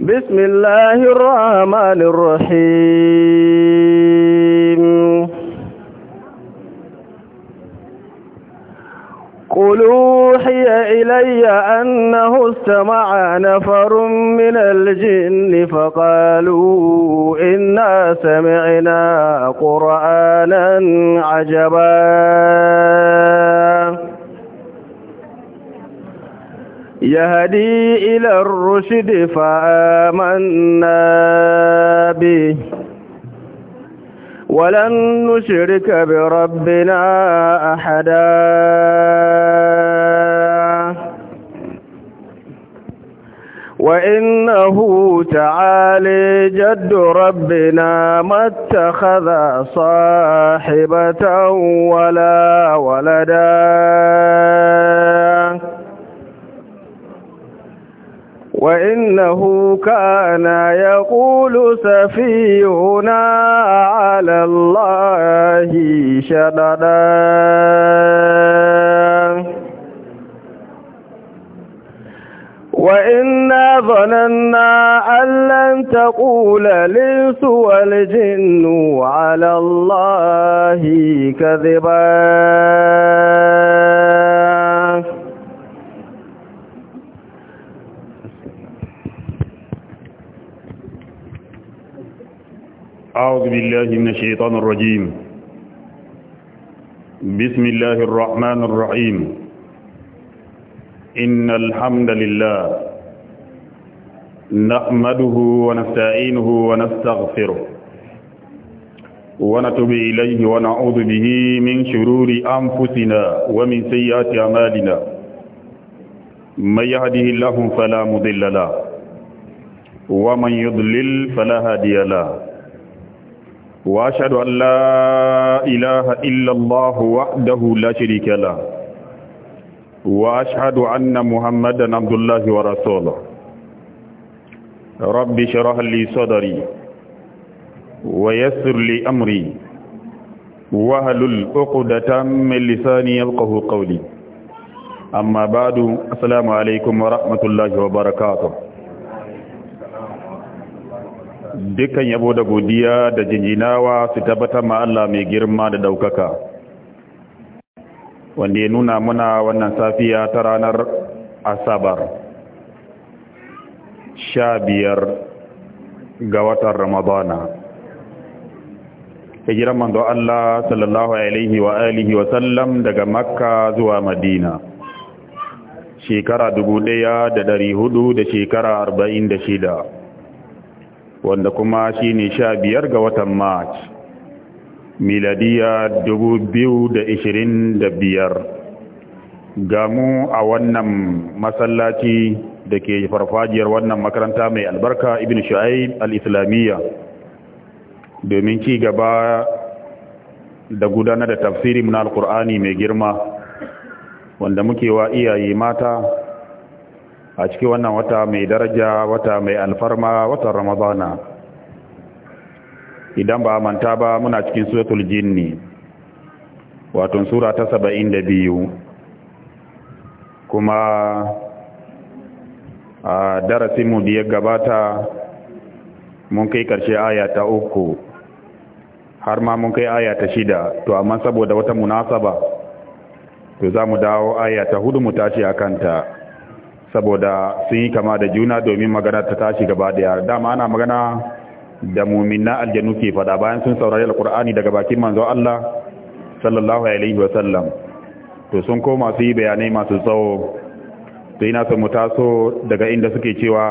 بسم الله الرحمن الرحيم قل اوحي إلي أنه استمع نفر من الجن فقالوا إنا سمعنا قرآنا عجبا يهدي إلى الرشد فآمنا به ولن نشرك بربنا أحدا وإنه تعالي جد ربنا ما اتخذ صاحبة ولا ولدا وإنه كان يقول سفيهنا على الله شددا وإنا ظننا أن لن تقول الإنس والجن على الله كذبا أعوذ بالله من الشيطان الرجيم بسم الله الرحمن الرحيم إن الحمد لله نحمده ونستعينه ونستغفره ونتوب إليه ونعوذ به من شرور أنفسنا ومن سيئات أعمالنا من يهده الله فلا مضل له ومن يضلل فلا هادي له وأشهد أن لا إله إلا الله وحده لا شريك له وأشهد أن محمدا عبد الله ورسوله رب اشرح لي صدري ويسر لي أمري وهلل عقدة من لساني يلقه قولي أما بعد السلام عليكم ورحمة الله وبركاته dukkan yabo da godiya da jinjinawa su tabbatar ma Allah mai girma da daukaka wanda ya nuna muna wannan safiya ta ranar asabar sha biyar ga watan ramadana ya jiran manzo Allah sallallahu alaihi wa alihi wa sallam daga makka zuwa madina shekara dubu ɗaya da dari hudu da shekara arba'in da shida wanda kuma shi ne sha biyar ga watan march miladiya da da biyar. gamu a wannan masallaci da ke farfajiyar wannan makaranta mai albarka ibn shu'aib al-islamiyya domin ci gaba da gudanar da tafsirin na alkur'ani mai girma wanda muke wa iyaye mata a cikin wannan wata mai daraja wata mai alfarma watan ramadana idan ba manta ba muna cikin suratul jinni wato sura ta saba'in da biyu kuma a darasinmu da ya gabata mun kai ƙarshe aya ta uku har ma mun kai aya ta shida to amma saboda wata munasaba to za mu dawo aya ta hudu mu tashi a kanta saboda sun yi kama da juna domin magana ta tashi gaba daya dama ana magana da muminna aljanu ke fada bayan sun saurari alkur'ani daga bakin manzo Allah sallallahu alaihi wasallam to sun koma su yi bayanai masu tsawo to ina son mu daga inda suke cewa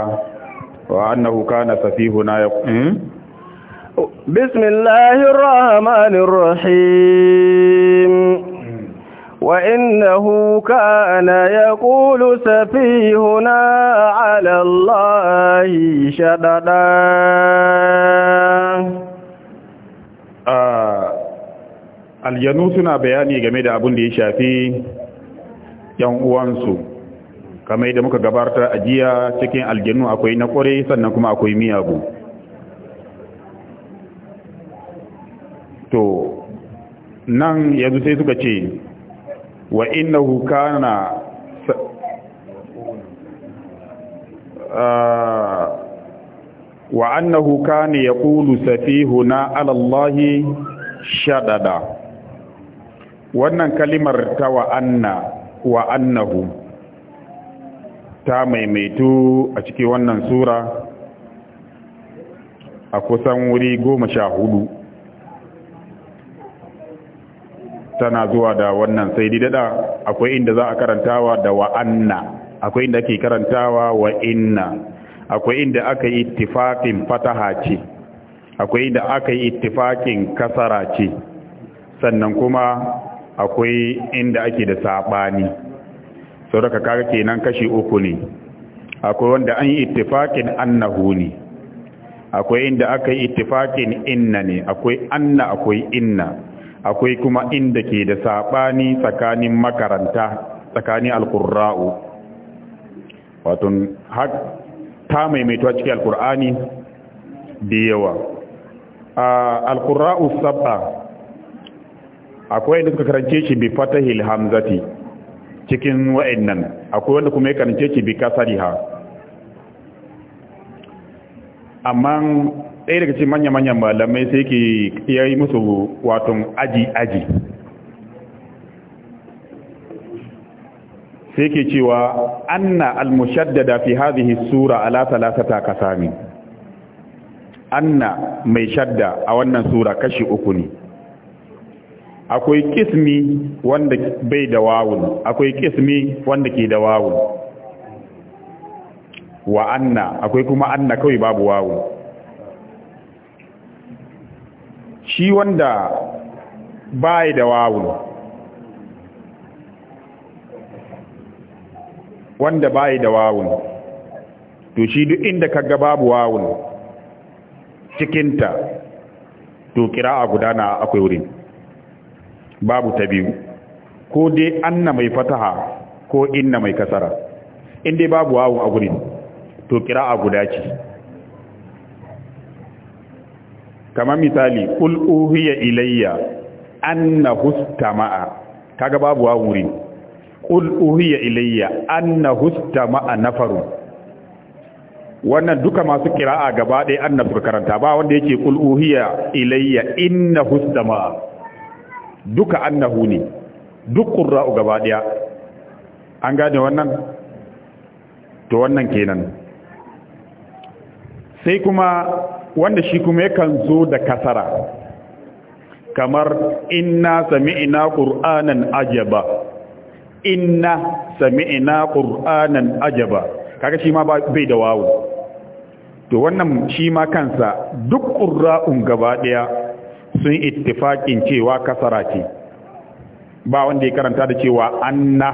wa annahu kana na ya بسم الله rahim. وإنه كان يقول سفيهنا على الله شددا aljanu suna bayani game da abin da ya shafi yan uwansu kama da muka gabata a jiya cikin aljanu akwai na ƙwarai sannan kuma akwai miyagu to nan yanzu sai suka ce wa innahu kana wa annahu kana yaqulu safihuna ala shadada wannan kalimar ta wa anna wa annahu ta maimaitu a cikin wannan sura a kusan wuri goma sha hudu tana zuwa da wannan sai didada akwai inda za a karantawa da wa anna akwai inda ake karantawa wa inna akwai inda aka yi ittifaqin fataha ce akwai inda aka yi ittifaqin kasara ce sannan kuma akwai inda ake da sabani sauraka kaga kenan kashi uku ne akwai wanda an yi ittifaqin annahu ne akwai inda aka yi ittifaqin inna ne akwai anna akwai inna akwai kuma inda ke da saɓani tsakanin makaranta tsakanin alkurra'u wato ta a cikin alkur'ani da yawa alkurra'u sab'a akwai wanda suka karance shi bi fatahil hamzati cikin wa'annan akwai wanda kuma ya karance shi bi kasariha amma ɗaya daga cikin manya-manyan malamai sai ke ya yi musu waton aji-aji sai ke cewa anna al-mushaddada fi hadhihi sura ala thalathata kasami anna mai shadda a wannan sura kashi uku ne akwai kismi wanda bai da wawun akwai kismi wanda ke da wawun wa anna akwai kuma anna kawai babu wawun shi wanda bai da wawun wanda bai da wawun to shi duk inda kaga babu wawun cikinta to kira'a gudana akwai wurin babu ta biyu ko dai anna mai fataha ko inna mai kasara in dai babu wawun a gurin to kira'a guda ce kamar misali kul uhiya ilayya annahu istama'a kaga babu wa wuri kul uhiya ilayya annahu istama'a nafaru wannan duka masu kira'a gaba ɗaya annabi karanta ba wanda yake kul uhiya ilayya innahu istama'a duka annahu ne duk qurra'u gaba ɗaya an gane wannan to wannan kenan sai kuma wanda shi kuma yakan zo da kasara kamar inna sami'na qur'anan ajaba inna sami'na qur'anan ajaba kaga shi ma bai da wawu to wannan shi ma kansa duk qurra'un gaba daya sun ittifakin cewa kasara ce ba wanda ya karanta da cewa anna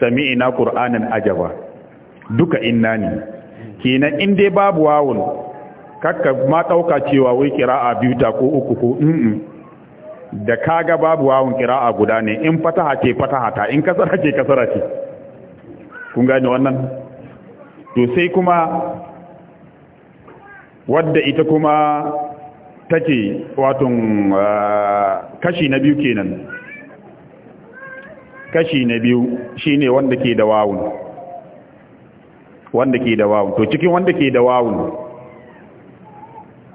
sami'na qur'anan ajaba duka inna ne kenan in dai babu wawun kakka ma ɗauka cewa wai kira'a biyu ta ko uku ko mm da kaga babu wawun kira'a guda ne in fataha ce fataha ta in kasara ce kasara ce kun gane wannan to sai kuma wadda ita kuma take wato ah, kashi na biyu kenan kashi na biyu shine wanda ke da wawun wanda ke da wawun to cikin wanda ke da wawun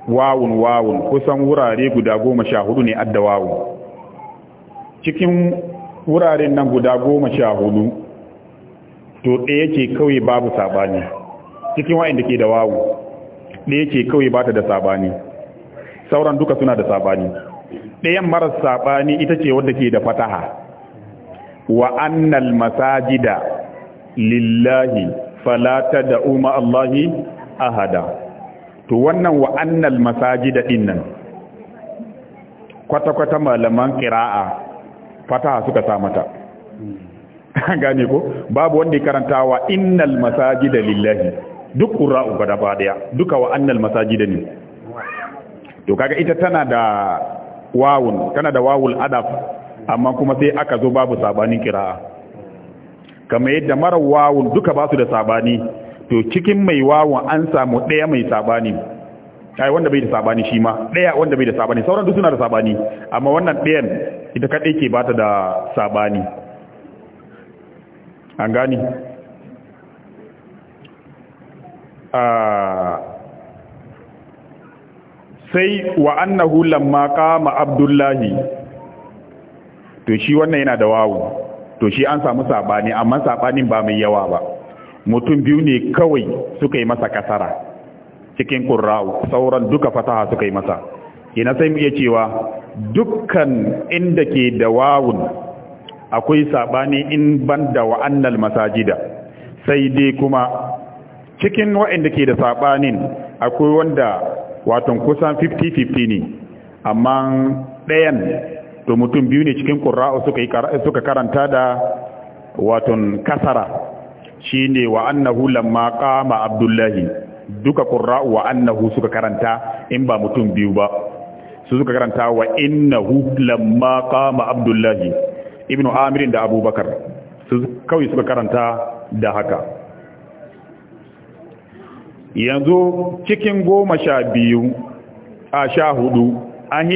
wawun wawun kusan wurare guda goma sha hudu ne adda wawun cikin wuraren nan guda goma sha hudu to ɗaya ce kawai babu sabani cikin wa'in da ke da wawu ɗaya ce kawai ba ta da sabani sauran duka suna da sabani ɗayan marar sabani ita ce wadda ke da fataha wa annal masajida lillahi falata da umar allahi ahada to wannan wa annal masajida dinnan kwata-kwata malaman kira'a fataha suka sa mata gane ko babu wanda ya karanta wa innal masajida lillahi duk qura'u gaba daya duka wa annal masajida ne to kaga ita tana da wawun tana da wawul adaf amma kuma sai aka zo babu sabanin kira'a kamar yadda mara wawun duka ba su da sabani to cikin mai wawan an samu ɗaya mai sabani ai wanda bai da sabani shi ma ɗaya wanda bai da sabani sauran duk suna da sabani amma wannan ɗayan ita kaɗai ke bata da sabani an gani ah, sai wa annahu lamma qama abdullahi to shi wannan yana da wawu to shi an samu sabani amma sabanin ba mai yawa ba mutum biyu ne kawai suka yi masa kasara cikin ƙurra'u sauran duka fataha suka yi masa ina sai mu cewa dukkan inda ke da wawun akwai saɓani in ban da wa'annan masajida sai dai kuma cikin wa'inda ke da saɓanin akwai wanda wato kusan 50-50 ne amma ɗayan to mutum biyu ne cikin ƙura'u suka karanta da waton kasara shine wa annahu lamma qama abdullahi duka qurra wa annahu suka karanta in ba mutum biyu ba su suka karanta wa innahu lamma qama abdullahi ibnu amir da abubakar su kawai suka karanta da haka yanzu cikin goma sha biyu a sha hudu an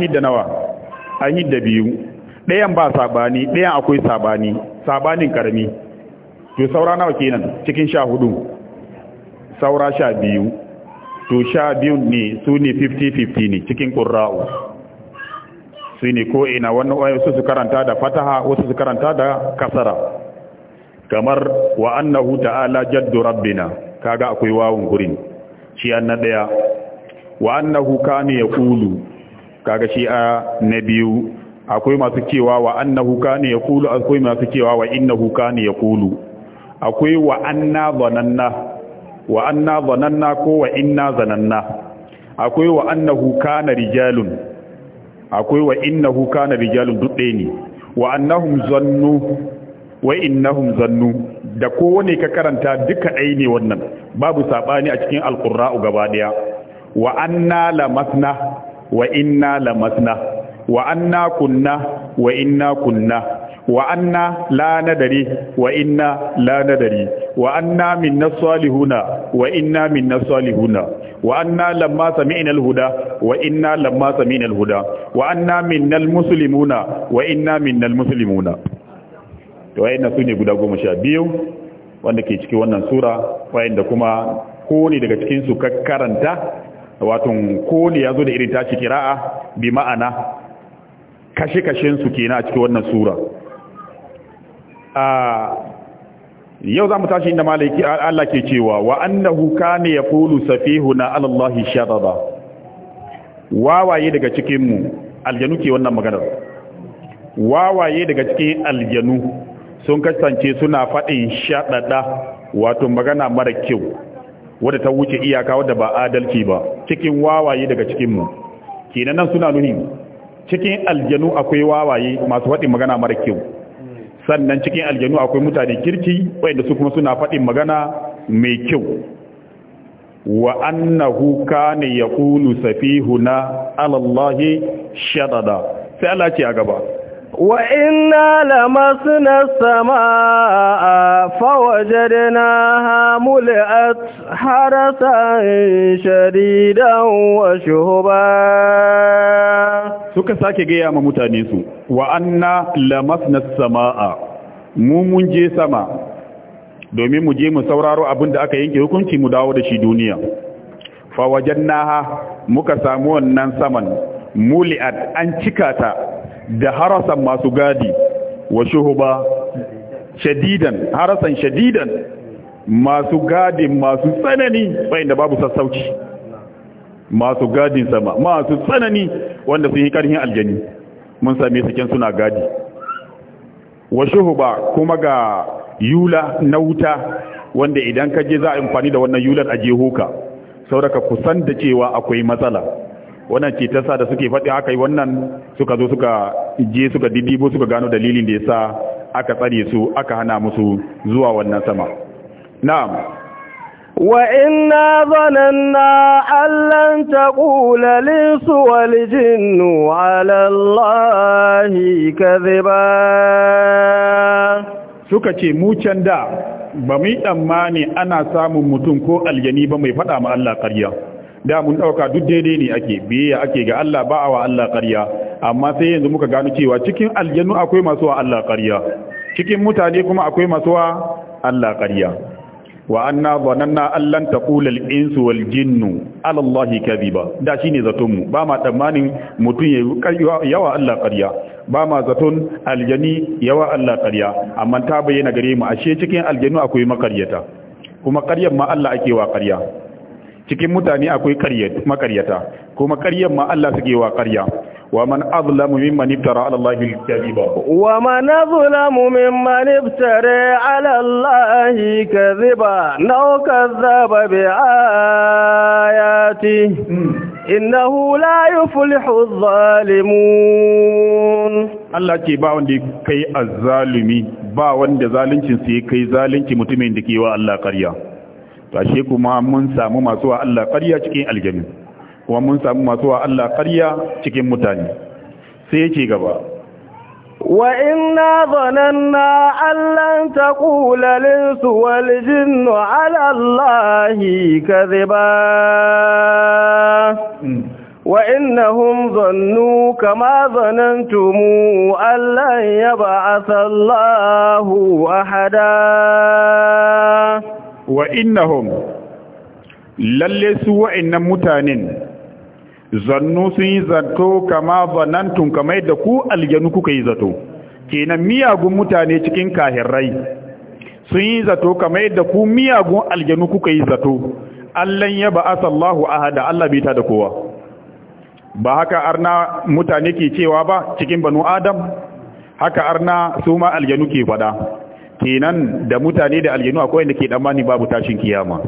hidda nawa an hidda biyu ɗayan ba sabani ɗayan akwai sabani sabanin karami to saura nawa kenan cikin sha hudu saura sha biyu to sha biyu ne su ne 50-50 ne cikin kurrau. su ne ko ina wani wasu su karanta da fataha wasu su karanta da kasara kamar wa annahu ta'ala jaddu rabbina kaga akwai wawun gurin shi an na daya wa annahu kana yaqulu kaga shi a na biyu akwai masu cewa wa annahu kana yaqulu akwai masu cewa wa innahu kana yaqulu akwai wa anna zananna wa anna zananna ko wa inna zananna akwai wa annahu kana rijalun akwai wa innahu kana rijalun dudde ne wa annahum zannu wa innahum zannu da kowane ka karanta duka dai ne wannan babu saɓani a cikin alqur'a gaba ɗaya wa anna lamasna wa inna lamasna wa anna kunna wa inna kunna wa anna la nadari wa inna la nadari wa anna minna salihuna wa inna minna salihuna wa anna lamma sami'na alhuda wa inna lamma sami'na alhuda wa anna minna almuslimuna wa inna minna almuslimuna to na sune guda goma sha biyu wanda ke cikin wannan sura wayanda kuma ko kone daga cikin su karanta wato kone yazo da irin tashi kira'a bi ma'ana kashe-kashen su kenan a cikin wannan sura yau za mu tashi inda malaki Allah ke cewa wa annahu kana yaqulu safihuna ala Allah shadada wawaye daga cikin mu aljanu ke wannan maganar wawaye daga cikin aljanu sun kasance suna fadin shadada wato magana mara kyau wadda ta wuce iyaka wadda ba adalci ba cikin wawaye daga cikin mu kenan nan suna nuni cikin aljanu akwai wawaye masu fadin magana mara kyau sannan cikin aljanu akwai mutane kirki wayanda su kuma suna faɗin magana mai kyau wa annahu kana yaqulu safihuna ala allahi shadada sai Allah ce a gaba وإنا لمسنا السماء فوجدناها ملئت حرسا شديدا وشهبا suka sake gaya ma mutane su wa anna lamasna samaa mu mun je sama domin mu je mu sauraro abin da aka yanke hukunci mu dawo da shi duniya fa wajannaha muka samu wannan saman muli'at an cika ta da harasan masu gadi wa shuhuba shadidan harasan shadidan masu gadin masu tsanani bayan da babu sassauci masu gadin sama masu tsanani wanda sun yi karhin aljani mun same su kin suna gadi wa shuhuba kuma ga yula na wuta wanda idan ka je za a amfani da wannan yulan a saboda ka kusan da cewa akwai matsala wannan ce ta sa da suke faɗi aka yi wannan suka zo suka je suka didibo suka gano dalilin da ya sa aka tsare su aka hana musu zuwa wannan sama na'am wa inna zananna allan taqula lis wal jinnu ala allahi kadhiba suka ce mu can da ba mu yi tsammani ana samun mutum ko aljani ba mai faɗa ma Allah ƙarya da mun dauka duk daidai ne ake biyayya ake ga Allah ba wa Allah ƙarya amma sai yanzu muka gano cewa cikin aljannu akwai masu wa Allah ƙarya cikin mutane kuma akwai masu wa Allah ƙarya wa anna zananna allan taqula al-insu wal jinnu ala Allah kadhiba da shine zaton mu ba ma tsammanin mutun yayi yawa Allah ƙarya ba ma zaton aljani yawa Allah ƙarya amma ta bayyana gare mu ashe cikin aljannu akwai makaryata kuma ƙaryar ma Allah ake wa ƙarya cikin mutane akwai makaryata kuma karyan ma Allah suke wa karya ومن أظلم ممن افترى Wa الله الكذب ومن أظلم ممن افترى على الله كذبا أو كذب بآياته إنه لا يفلح الظالمون Allah ce ba wanda kai azzalumi ba wanda zalincin sai kai zalunci mutumin da ke wa Allah karya. to ashe kuma mun samu masu wa Allah ƙarya cikin aljami kuma mun samu masu wa Allah ƙarya cikin mutane sai yake gaba وإنا ظننا أن لن تقول الإنس والجن على الله كذبا وإنهم ظنوا كما ظننتم أن لن يبعث الله أحدا wa innahum lalle su wa'annan mutanen zannu sun yi zato kama zanantun kama da ku aljanu kuka yi zato kenan miyagun mutane cikin kahirrai sun yi zato kama yadda ku miyagun aljanu kuka yi zato allan ya ba'asa Allahu ahada Allah bai da kowa ba haka arna mutane ke cewa ba cikin banu adam haka arna su ma aljanu ke fada kenan da mutane da aljinu akwai wanda ke damani babu tashin kiyama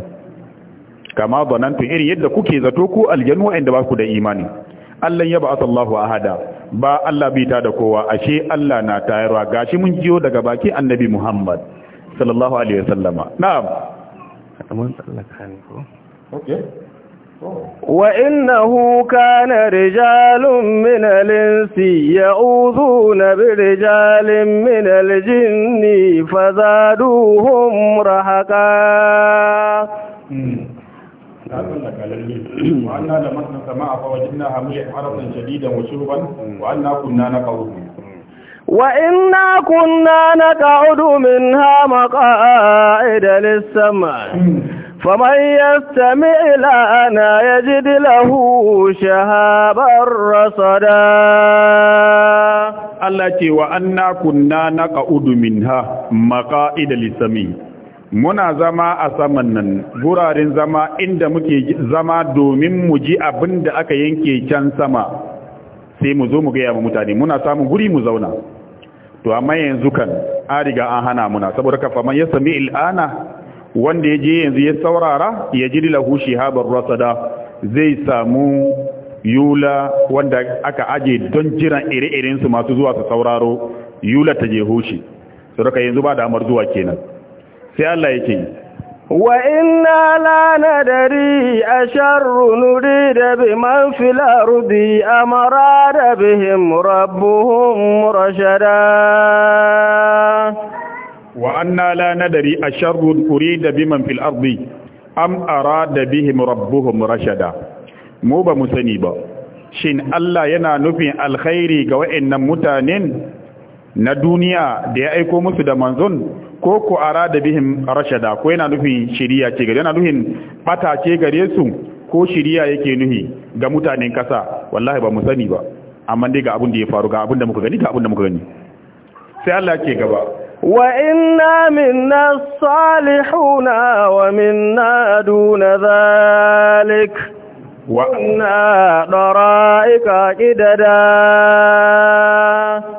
kama zanantu iri yadda kuke zato ku aljinu wanda ba ku da imani Allah ya ba'ata Allahu ahada ba Allah ta da kowa ashe Allah na tayarwa gashi mun jiyo daga baki annabi Muhammad sallallahu alaihi wasallama na'am okay وإنه كان رجال من الإنس يعوذون برجال من الجن فزادوهم رهقا وأنا لمسنا السماء فوجدناها ملئ حرسا شديدا وشربا وأنا كنا نقوم وإنا كنا نقعد منها مقاعد للسمع فمن يستمع الآن يجد له شهابا رصدا التي وأنا كنا نقعد منها مقاعد للسمع muna zama a saman nan gurarin zama inda muke zama domin mu ji abin da aka yanke can sama sai mu zo mu gaya wa mutane muna samun guri mu zauna to amma yanzu kan an riga an hana muna saboda ka faman ya sami il'ana wanda ya je yanzu ya saurara ya ji lahu shihabar rasada zai samu yula wanda aka aje don jiran ire irinsu masu zuwa su sauraro yula ta je hushi saboda yanzu ba da amar zuwa kenan sai Allah yake yi وإنا لا ندري أشر نريد بمن في الأرض أم أراد بهم ربهم رشدا وأنا لا ندري أشر أريد بمن في الأرض أم أراد بهم ربهم رشدا mu ba mu sani ba shin Allah yana nufin alkhairi ga wa'annan mutanen na duniya da ya aiko musu da manzon ko ku arada bihim rashada ko yana nufin shiriya ce gare yana nufin bata ce gare su ko shiriya yake nuhi ga mutanen kasa wallahi ba mu sani ba amma dai ga abin da ya faru ga abin da muka gani ga abin da muka gani sai Allah ke gaba wa inna minna salihuna wa minna duna zalik wa inna dara'ika idada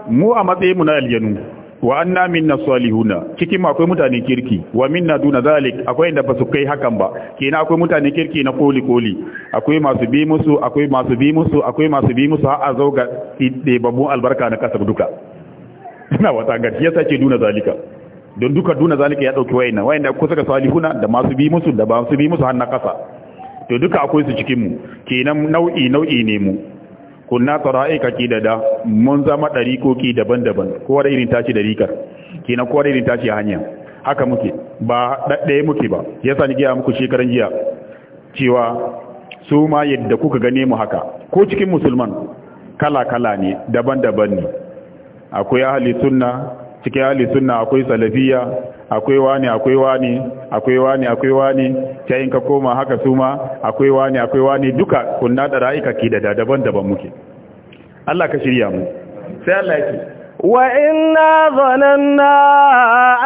mu a matsayin mu na aljanu wa anna minna salihuna ma akwai mutane kirki wa minna duna zalik akwai inda ba su kai hakan ba kenan akwai mutane kirki na koli koli akwai masu bi musu akwai masu bi musu akwai masu bi musu har a zo ga babu albarka na kasar duka ina wata ga ya sace duna zalika don duka duna zalika ya dauki wayannan wayanda kusa saka salihuna da masu bi musu da ba su bi musu har na kasa to duka akwai su cikin mu kenan nau'i nau'i ne mu kunna tsara'ikaki da da mun zama ɗarikoki daban-daban da irin tashi ɗarikar kenan da irin tashi hanya haka muke ba ɗaɗɗaya muke ba ya sa ni gaya muku shekaran jiya cewa su ma yadda kuka gane mu haka ko cikin musulman kala-kala ne daban-daban ne akwai ahli sunna cikin ahli sunna akwai salafiyya akwai wani akwai wani akwai wani akwai wani in ka koma haka suma akwai wani akwai wani duka kunna da ra'ika ki da daban-daban muke Allah ka shirya mu sai Allah yake وإنا ظننا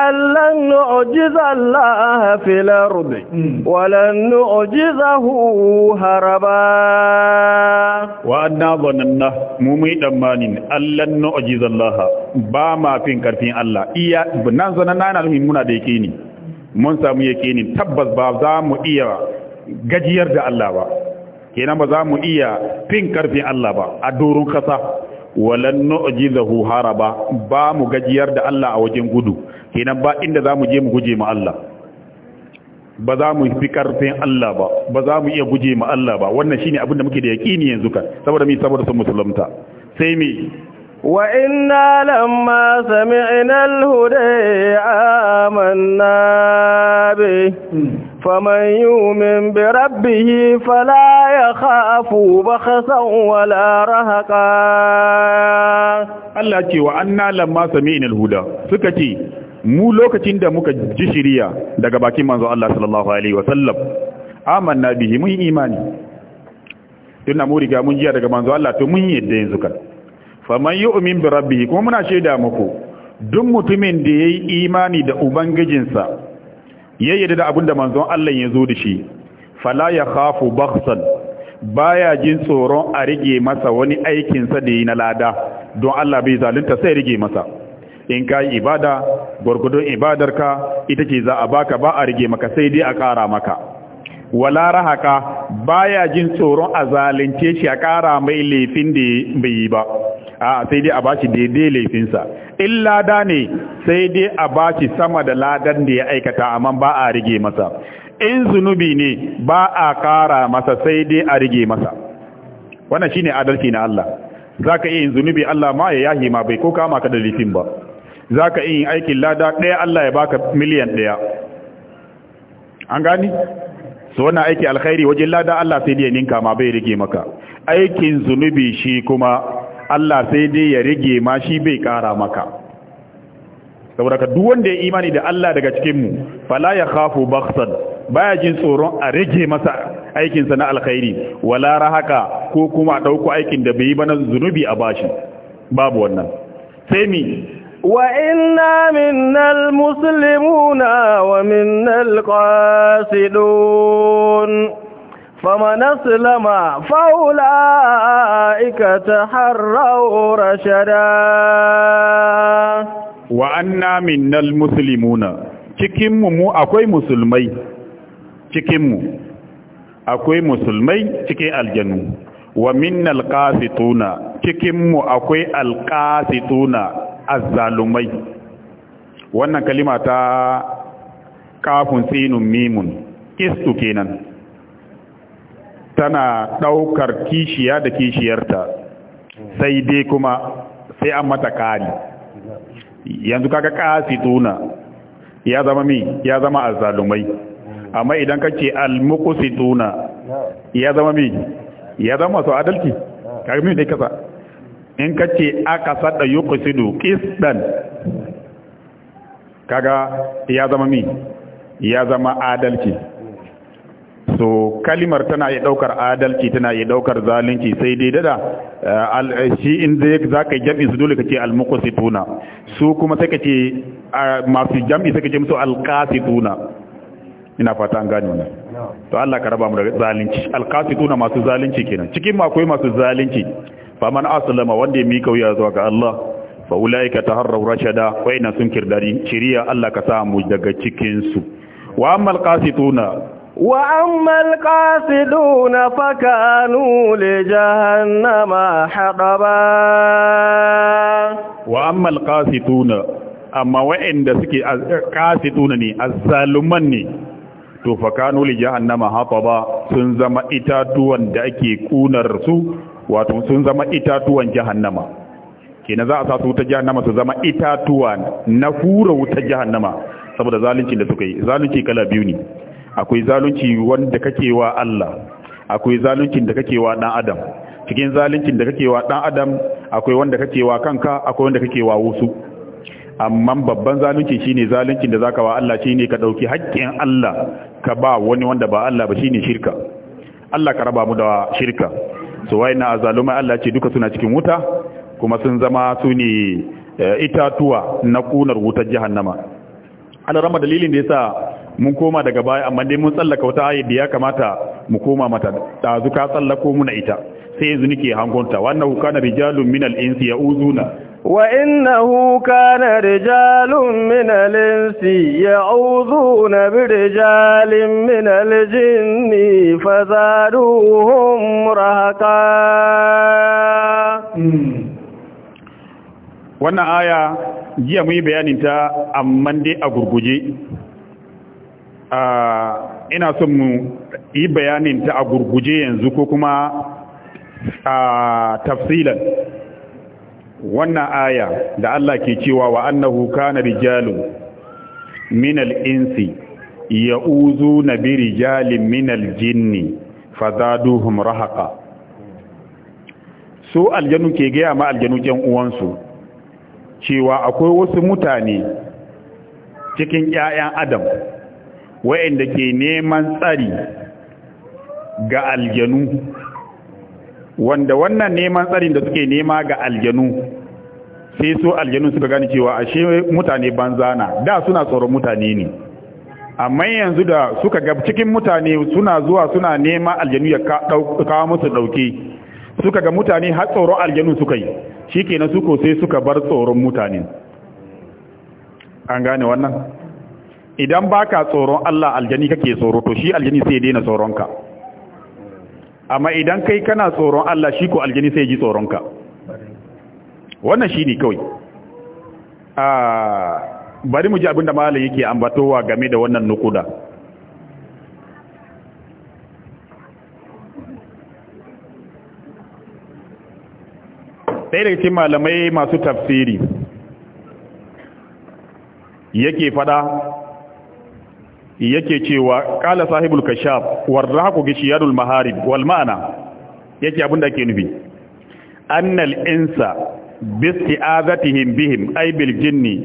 أن لن نعجز الله في الأرض ولن نعجزه هربا وأنا ظننا ممي دمانين أن لن نعجز الله باما فين كرفين الله إيا بنا ظننا نعلم منا ديكيني mun samu yakinin tabbas ba za mu iya gajiyar da Allah ba kenan ba za mu iya fin karfin Allah ba a doron kasa walan nu'jizahu haraba ba mu gajiyar da Allah a wajen gudu kenan ba inda zamu je mu guje ma Allah ba za mu fi karfin Allah ba ba za mu iya guje ma Allah ba wannan shine abin da muke da yaqini yanzu kan saboda mi saboda sun musulunta sai mi wa inna lamma sami'na al-huda amanna bi hmm. فمن يؤمن بربه فلا يخاف بخسا ولا رهقا Allah ce wa anna lamma sami'na al-huda suka ce mu lokacin da muka ji shiriya daga bakin manzo Allah sallallahu alaihi wasallam amanna bihi mun imani tunda mu riga mun jiya daga manzo Allah to mun yadda yanzu kan faman yu'min bi rabbih kuma muna shaida muku duk mutumin da yayi imani da ubangijinsa Yayyade da abinda manzon Allah ya zo da shi fala ya khafu baghsan baya jin tsoron a rige masa wani aikin sa da yi na lada don Allah bai zalunta sai rige masa in kai ibada gwargwadon ibadarka ita ce za a baka ba a rige maka sai dai a kara maka wala rahaka baya jin tsoron a zalunce shi a kara mai laifin da bai yi ba a sai dai a bashi daidai laifinsa in lada ne sai dai a bashi sama da ladan da ya aikata amma ba a rige masa in zunubi ne ba a kara masa sai dai a rige masa wannan shine adalci na Allah zaka iya yin zunubi Allah ma ya yahi ma bai ko kama ka da lifin ba zaka iya yin aikin lada ɗaya Allah ya baka miliyan ɗaya an gani su wannan aiki alkhairi wajen lada Allah sai dai ninka ma bai rige maka aikin zunubi shi kuma Allah sai dai ya rage ma shi bai kara maka saboda ka duk wanda ya imani da Allah daga cikin mu fala ya khafu bakhsan baya jin tsoron a rage masa aikin sa na alkhairi wala rahaka ko kuma dauko aikin da bai yi ba na zunubi a bashi babu wannan sai mi wa inna minnal muslimuna wa minnal qasidun فمن اسلم فأولئك تحروا رشدا وأنا منا المسلمون cikinmu mu akwai musulmai cikinmu akwai musulmai cikin aljanu wa minnal qasituna cikinmu akwai alqasituna azzalumai wannan kalima ta kafun sinun mimun kistu kenan tana ɗaukar kishiya da kishiyarta sai dai kuma sai an mata ƙari yanzu kaga ƙasi tuna ya zama mi ya zama azzalumai amma idan ka ce almukusi tuna ya zama mi ya zama su adalci kaga mi ne kasa in ka ce aka sadda yuqsidu qisdan kaga ya zama mi ya zama adalci so kalimar tana yi daukar adalci tana yi daukar zalunci sai dai dada eh, eh, shi in za ka jam'i su dole ka ce tuna. su kuma sai ka ce masu jam'i sai ka ce musu tuna. ina fata an gane wannan to Allah ka raba mu da zalunci tuna masu zalunci kenan cikin ma akwai masu zalunci Fa man aslama wanda ya mika wuya zuwa ga Allah fa ulaika taharraw rashada wa ina sun kirdari shiriya Allah ka sa mu daga cikin su wa ammal qasituna وأما القاسدون فكانوا لجهنم حطبا وأما القاسدون أما وإن a القاسدون ني to fakanu li jahannama hataba sun zama itatuwan da ake kunar su wato sun zama itatuwan jahannama kenan za a sa su ta jahannama su zama itatuwa na fura wuta jahannama saboda zalunci kala biyu ne akwai zalunci wanda kake wa Allah akwai zaluncin da kake wa dan adam cikin zaluncin da kake wa dan adam akwai wanda kake wa kanka akwai wanda kake wa wasu amma babban zalunci shine zaluncin da zaka wa Allah shine ka dauki haƙƙin Allah ka ba wani wanda ba Allah ba shine shirka Allah ka raba mu da shirka so na azaluma Allah ce duka suna cikin wuta kuma sun zama su ne eh, itatuwa na kunar wutar jahannama an rama dalilin da yasa mun koma daga baya amma dai mun tsallaka wata ayyar da ya kamata mu koma mata dazu ka tsallako muna ita sai yanzu nake hangonta wannan kana rijalun minal insi ya'uzuna وإنه كان رجال ya الإنس يعوذون برجال من jinni فزادوهم رهقا hmm. wannan aya jiya muyi bayanin ta amma dai a gurguje ina son mu yi bayanin ta a gurguje yanzu ko kuma a tafsilan wannan aya da Allah ke cewa wa annahu kana rijalun minal insi ya'uzu nabi rijalin minal jinni fazaduhum rahaqa su aljanu ke gaya ma aljanu ƴan uwansu cewa akwai wasu mutane cikin ƴaƴan adam Wa'inda ke neman tsari ga aljanu wanda wannan neman tsarin da suke nema ga aljanu sai su aljanu suka gane cewa ashe mutane banzana da suna tsoron mutane ne amma yanzu da suka ga cikin mutane suna zuwa suna nema aljanu ya kawo musu dauke suka ga mutane har tsoron aljanu suka yi shikenan suko sai suka bar tsoron mutane an gane wannan idan baka tsoron Allah aljani kake tsoro to shi aljani sai daina tsoronka amma idan kai kana tsoron Allah shi ko aljani sai ji tsoronka wannan shi ne kawai a ah, bari mu ji abin da malam yake ambatowa game da wannan nukuda ɗaya daga cikin malamai masu tafsiri yake fada yake cewa 'Kala sahibul kashaf warraqu gishiyadul maharib wal ma'ana yake abinda ke nufi annal insa bisti'azatihim bihim ay bil jinni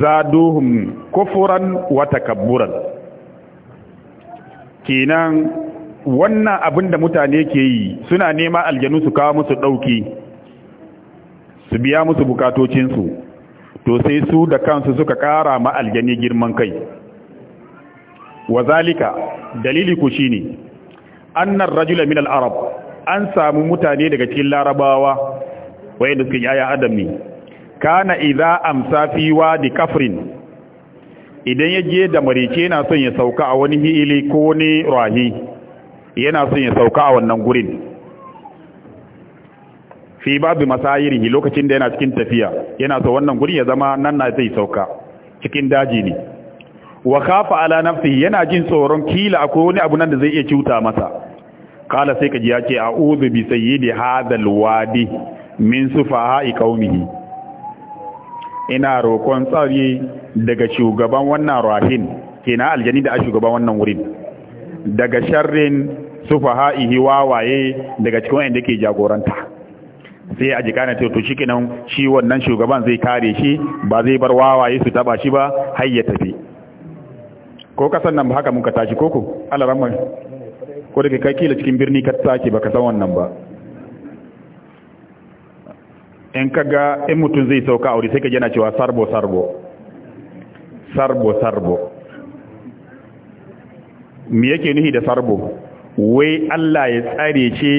zaduhum kufuran wa takabburan kenan wannan abin da mutane ke yi suna nema aljanu su kawo musu dauki su biya musu bukatocinsu to sai su da kansu suka kara ma aljani girman kai wa zalika dalili ku shine annar rajula min al-arab an sami mutane daga cikin larabawa wayanda suke yaya adam ne kana iza amsa fi wadi kafrin idan yaje da marice yana son ya sauka a wani hili ko wani rahi yana son ya sauka a wannan gurin fi babu masayirihi lokacin da yana cikin tafiya yana so wannan gurin ya zama nan zai sauka cikin daji ne wa khafa ala nafsihi yana jin tsoron kila akwai wani abu nan da zai iya cuta masa kala sai kaji yace a'udhu bi sayyidi hadal wadi min sufaha'i qaumihi ina roƙon tsari daga shugaban wannan rahin kina aljani da shugaban wannan wurin daga sharrin sufaha'ihi wawaye daga cikin wanda yake jagoranta sai a jikana na to shikenan shi wannan shugaban zai kare shi ba zai bar wawaye su taba shi ba har ya tafi ko kasan nan ba haka muka tashi koko alaramma ko da kai kila cikin birni ka tashi baka san wannan ba in ka ga in mutum zai sauka aure sai ka yana cewa sarbo sarbo sarbo sarbo me yake nuhi da sarbo wai Allah ya tsare shi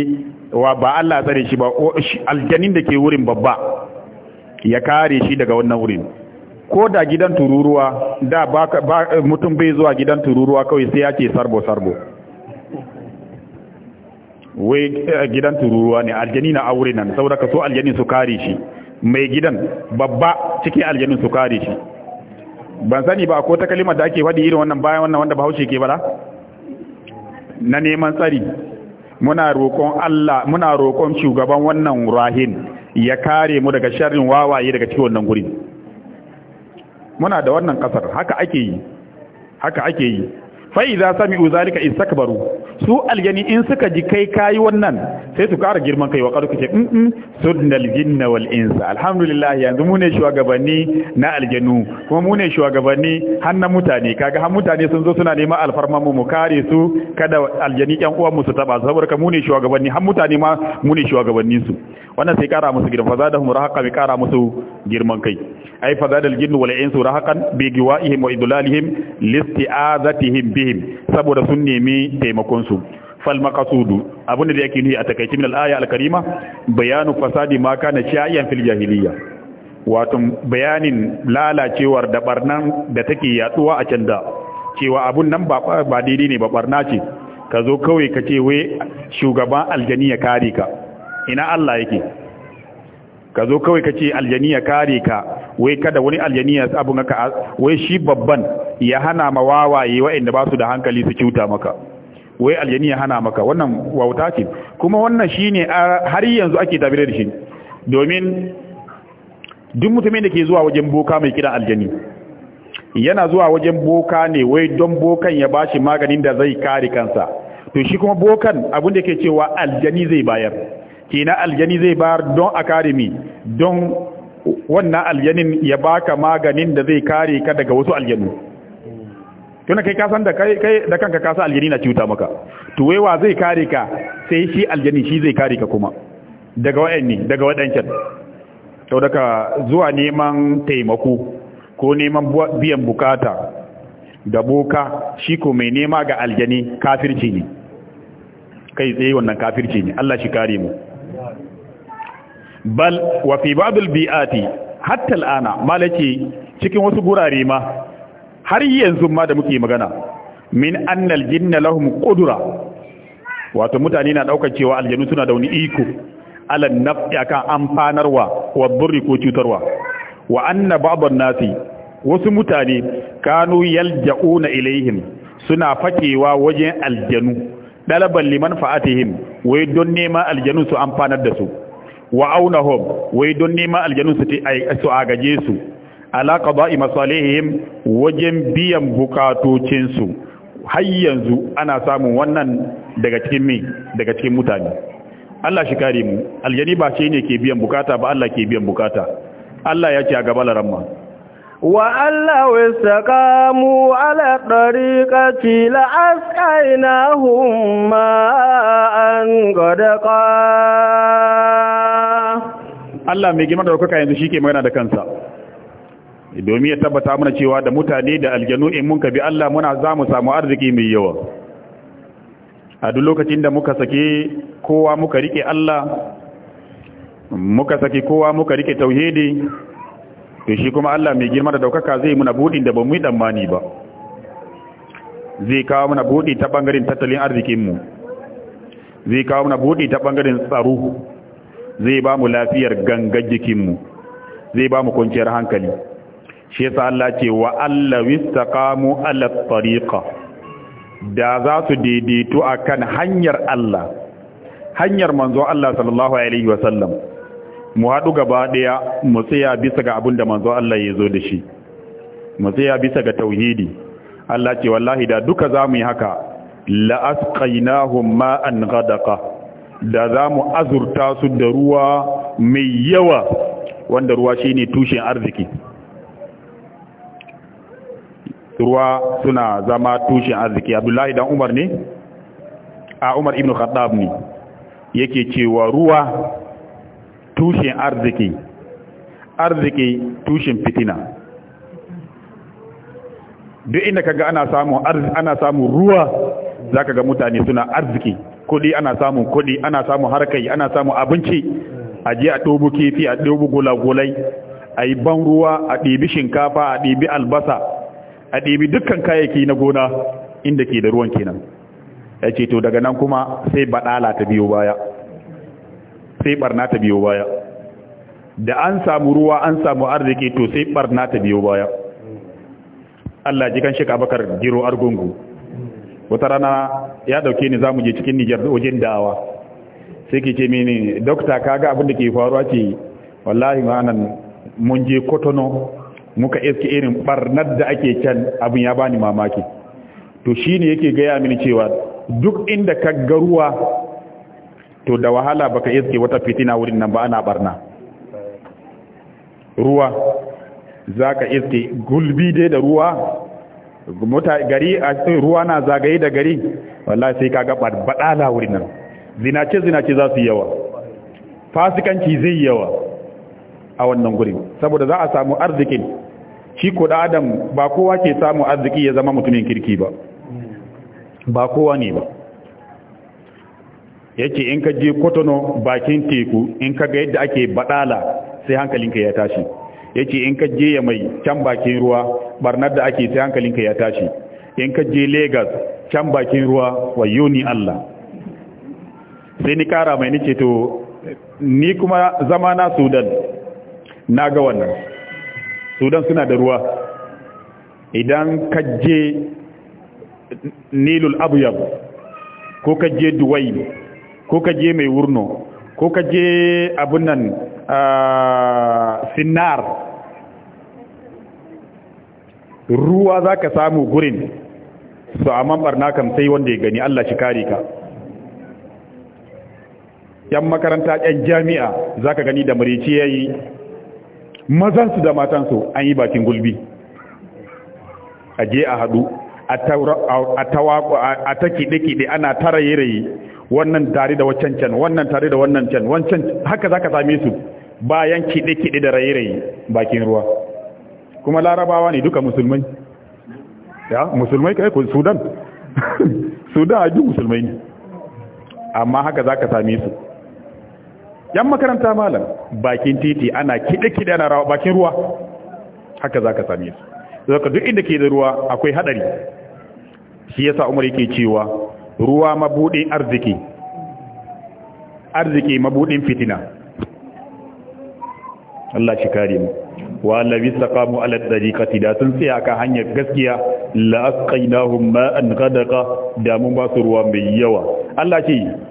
wa ba Allah ya tsare shi ba aljanin da ke wurin babba ya kare shi daga wannan wurin ko da gidan tururuwa da eh, mutum bai zuwa gidan tururuwa kawai sai ya ce sarbo-sarbo wai eh, gidan tururuwa ne aljani na aure nan saboda kaso so aljanin su kare shi mai gidan babba cikin aljanin su kare shi ban sani ba ko ta kalimar da ake faɗi irin wannan bayan wannan wanda bahaushe ke bala na neman tsari muna roƙon Allah muna roƙon shugaban wannan rahin ya kare mu daga sharrin wawaye daga cikin wannan gurin muna da wannan kasar haka ake yi haka ake yi fa idza sami'u zalika istakbaru su aljani in suka ji kai kayi wannan sai su kara girman kai wa karuka ce in in sunnal jinna wal insa alhamdulillah yanzu mu ne shugabanni na aljanu kuma mu ne shugabanni har mutane kaga har mutane sun zo suna neman alfarma mu mu kare su kada aljani yan uwan mu su taba saboda ka mu ne shugabanni har mutane ma mu ne shugabannin su wannan sai kara musu girman fazadahum rahaqa bi kara musu girman kai ai fazadal jinnu wal insu rahaqan bi giwaihim wa idlalihim listi'azatihim bi bihim saboda sun nemi taimakon su fal maqasudu abun da yake ni a takaice min al-aya al-karima bayanu fasadi ma kana sha'iyan fil jahiliya wato bayanin lalacewar da barnan da take yaduwa a can da cewa abun nan ba ba daidai ne ba barna ce ka zo kawai ka ce wai shugaban aljani ya kare ka ina Allah yake ka zo kawai ka ce aljani ya kare ka wai kada wani aljani abun ka wai shi babban ya hana ma wawaye waɗanda ba su da hankali su cuta maka wai aljani ya hana maka wannan wauta ce kuma wannan shine har yanzu ake tabire da shi domin duk mutumin da ke zuwa wajen boka mai kiran aljani yana zuwa wajen boka ne wai don bokan ya bashi maganin da zai kare kansa to shi kuma bokan abin da ke cewa aljani zai bayar kenan aljani zai bayar don a don wannan aljanin ya baka maganin da zai kare ka daga wasu aljanu tuna kai kasan da kai da kanka kasan aljani na cuta maka to wa zai kare ka sai shi aljani shi zai kare ka kuma daga wayanni daga wadancan to daga zuwa neman taimako ko neman biyan bukata da boka shi ko mai nema ga aljani kafirci ne kai tsaye wannan kafirci ne Allah shi kare mu bal wa fi ba'd bi'ati hatta al'ana malaki cikin wasu gurare ma har yanzu ma da muke magana min annal jinna lahum qudra wato mutane na daukar cewa aljanu suna da wani iko alan naf'i akan amfanarwa wa burri ko cutarwa wa anna ba'dun nasi wasu mutane kanu yalja'una ilaihim suna fakewa wajen aljanu dalaban liman fa'atihim wai don nema aljanu su amfanar da su wa aunahum wai don nema aljanu su agaje su ala qada'i masalihim wajen biyan bukatocin su har yanzu ana samun wannan daga cikin mi daga cikin mutane Allah shi kare mu aljani ba shi ne ke biyan bukata ba Allah ke biyan bukata Allah ya ce a gaba laramma ala tariqati la الطريقة humma an غدقا Allah mai girma da kuka yanzu shi ke magana da kansa, domin ya tabbata mana cewa da mutane da aljanu in mun bi Allah muna za mu samu arziki mai yawa a duk lokacin da muka sake kowa muka rike Allah muka sake kowa muka rike tauhidi to shi kuma Allah mai girma da daukaka zai muna budin da ba mu yi damani ba zai kawo muna budi ta bangaren tattalin arzikinmu zai kawo muna budi ta bangaren tsaro zai ba mu lafiyar gangan jikinmu zai ba mu kwanciyar hankali shi yasa Allah ce wa allaw ala tariqa da za su daidaitu akan hanyar Allah hanyar manzo Allah sallallahu alaihi wa sallam mu haɗu gaba ɗaya mu tsaya bisa ga abin da manzo Allah ya zo da shi mu tsaya bisa ga tauhidi Allah ce wallahi da duka zamu yi haka la'asqainahum ma'an ghadaqa da za mu azurta su da ruwa mai yawa wanda ruwa shine tushen arziki ruwa suna zama tushen arziki abdullahi dan umar ne a umar ibn khattab ne yake cewa ruwa tushen arziki arziki tushen fitina duk inda kaga ana ana samun ruwa zaka ga mutane suna arziki kudi ana samun kudi ana samu harkai ana samun abinci a je a dubu kifi a dubu gulagulai a yi ban ruwa a ɗibi shinkafa a ɗibi albasa a ɗebi dukkan kayayyaki na gona inda ke da ruwan kenan ya ce to daga nan kuma sai baɗala ta biyo baya sai ɓarna ta biyo baya da an samu ruwa an samu arziki to sai ɓarna ta biyo baya Allah ji kan shika bakar giro argungu wata rana ya ɗauke ni za mu je cikin nijar wajen dawa. sai ke ce mini dokta kaga abin da ke faruwa ce wallahi nan mun je kotono muka iske irin barnar da ake can abin ya bani mamaki to shine yake gaya mini cewa duk inda ka garuwa to da wahala baka iske wata fitina wurin nan ba ana barna ruwa zaka iske gulbi dai da ruwa mota gari a ruwa na zagaye da gari wallahi sai kaga badala wurin nan zinace zinace za su yawa fasikanci zai yawa a wannan gurin saboda za a samu arzikin shi ko adam ba kowa ke samu arziki ya zama mutumin kirki ba ba kowa ne ba yake in ka je kotono bakin teku in ka ga yadda ake badala sai hankalinka ya tashi yake in ka je ya mai can bakin ruwa barnar da ake sai hankalinka ya tashi in ka je Legas can bakin ruwa wayo ni Allah sai ni kara mai ce to ni kuma zama na Sudan na ga wannan sudan suna da ruwa idan ka je nilul abuyab ko ka je duwai ko ka je mai wurno ko ka je abun nan sinar ruwa za ka samu gurin su amma barna kam sai wanda ya gani allah shi kare ka yan makaranta yan jami'a zaka gani da marici yayi mazansu da matansu an yi bakin gulbi a je a haɗu a ta kiɗe-kiɗe ana tara yi wannan tare da wancan can wannan tare da wannan can wancan haka za ka same su bayan kiɗe-kiɗe da raye-raye bakin ruwa kuma larabawa ne duka musulmai ya musulmai kai sudan sudan a musulmai ne amma haka za ka same su yan makaranta malam bakin titi ana kide-kide na rawa bakin ruwa haka za ka same su zaka duk inda ke da ruwa akwai haɗari shi yasa umar yake cewa ruwa mabudin arziki arziki mabudin fitina Allah shi kare mu wa allazi saqamu ala dariqati da sun tsaya ka hanyar gaskiya la ma an gadaqa da mun ba su ruwa mai yawa Allah shi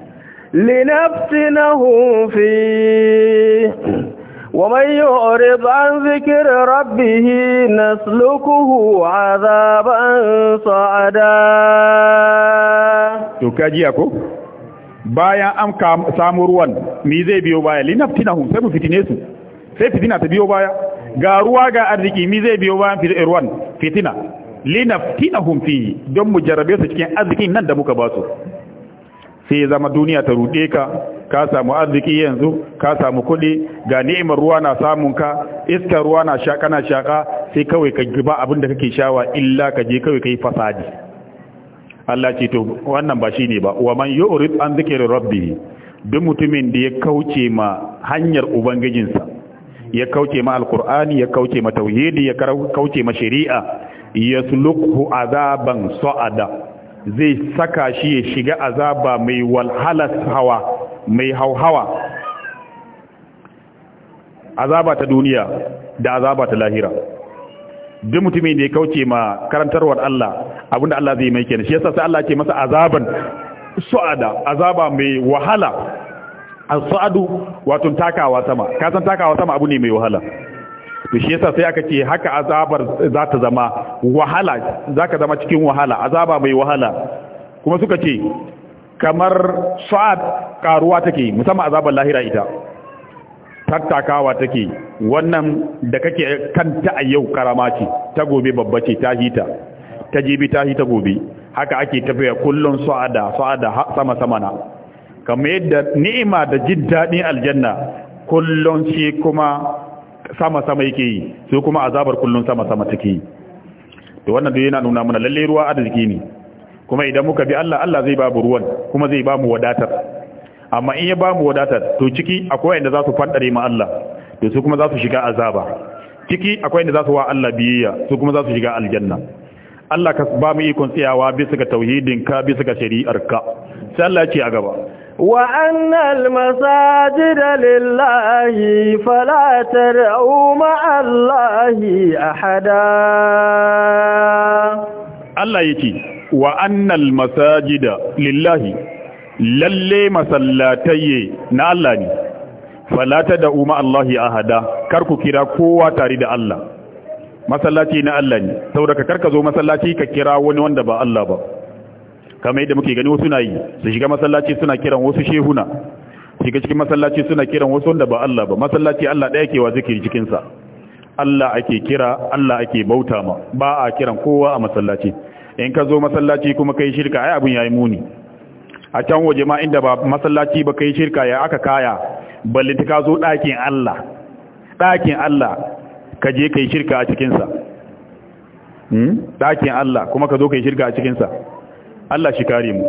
لنفتنه فيه ومن na عن ذكر ربه نسلكه عذابا صعدا تكاجي اكو bayan an samu ruwan me zai biyo baya linaftinahum sai mu fitine su sai fitina ta biyo baya ga ruwa ga arziki me zai biyo bayan fitin ruwan fitina linaftinahum fi don mu jarrabe su cikin arzikin nan da muka basu. sai ya zama duniya ta rude ka ka samu arziki yanzu ka samu kuɗi ga ni'imar ruwa na samun ka iskar ruwa na shaka na shaka sai kawai ka ba abin da kake shawa illa ka je kawai kai fasadi Allah ce to wannan ba shine ba wa man yu'rid an zikri rabbih duk mutumin da ya kauce ma hanyar ubangijinsa ya kauce ma alqur'ani ya kauce ma tauhidi ya kauce ma shari'a yaslukhu azaban sa'ada zai saka shi ya shiga azaba mai walhalas hawa mai hauhawa azaba ta duniya da azaba ta lahira duk mutumin da ya kauce ma karantarwar Allah abinda Allah zai mai kenan shi yasa sai Allah ke masa azaban su'ada azaba mai wahala as-su'adu wato takawa sama ka san takawa sama abu ne mai wahala to shi yasa sai aka ce haka azabar za ta zama wahala za ka zama cikin wahala azaba mai wahala kuma suka ce kamar sa'ad karuwa take musamman azabar lahira ita tattakawa take wannan da kake kanta a yau karama ce ta gobe babba ce ta hita ta jibi ta hita gobe haka ake tafiya kullum sa'ada sa'ada sama sama na kamar yadda ni'ima da jin daɗin aljanna kullum shi kuma sama sama yake yi sai kuma azabar kullum sama sama take yi to wannan dai yana nuna mana lalle ruwa arziki ne kuma idan muka bi Allah Allah zai babu ruwan kuma zai bamu wadatar amma in ya bamu wadatar to ciki akwai inda za su fadare ma Allah to su kuma za su shiga azaba ciki akwai inda za su wa Allah biyayya su kuma za su shiga aljanna Allah ka ba mu ikon tsayawa bisa ga tauhidin ka bisa ga shari'ar ka sai Allah ya ce a gaba وأن المساجد لله فلا تدعوا مع الله أحدا الله يتي وأن المساجد لله lalle masallatai na Allah ne falata da umma Allahi ahada kar ku kira kowa tare da Allah masallaci na Allah ne saboda karka zo masallaci ka kira wani wanda ba Allah ba kamar yadda muke gani wasu na yi su shiga masallaci suna kiran wasu shehuna shiga cikin masallaci suna kiran wasu wanda ba Allah ba masallaci Allah ɗaya ke wa zikiri cikin sa Allah ake kira Allah ake bauta ma ba a kiran kowa a masallaci in ka zo masallaci kuma kai shirka ai abun yayi muni a can waje ma inda ba masallaci ba kai shirka ya aka kaya balle ta zo ɗakin Allah ɗakin Allah ka je kai shirka a cikin sa hmm? ɗakin Allah kuma ka zo kai shirka a cikin sa Allah shi kare mu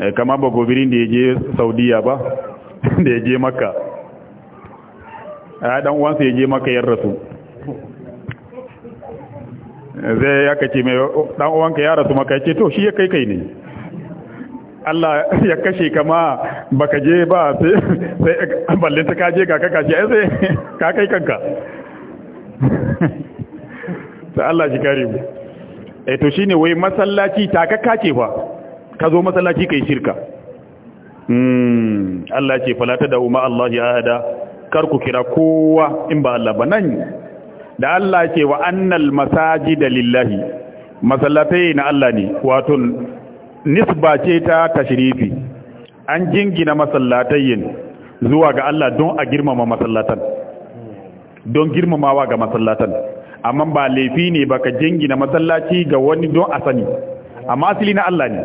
eh, kama ba gobirin da ya je saudiya ba da ya je makka a ah, dan uwansa ya je makka yar rasu eh, zai ya kace mai oh, oh, dan uwanka ya rasu maka yace to shi ya kai kai ne Allah ya kashe kama baka je ba sai ballin ta kaje ga kaka shi sai ka kai kanka sai Allah shi kare mu E to shine wai masallaci ta ka ce fa ka zo masallaci kai shirka mmm Allah ce fala ta dauma ma Allah ya hada kar ku kira kowa in ba Allah ba nan da Allah ce wa annal masajida lillahi masallatai na Allah ne wato nisba ce ta tashrifi an jingina masallatayin zuwa ga Allah don a girmama masallatan don girmamawa ga masallatan amma ba laifi ne ba ka jingina masallaci ga wani don a sani amma asali na Allah ne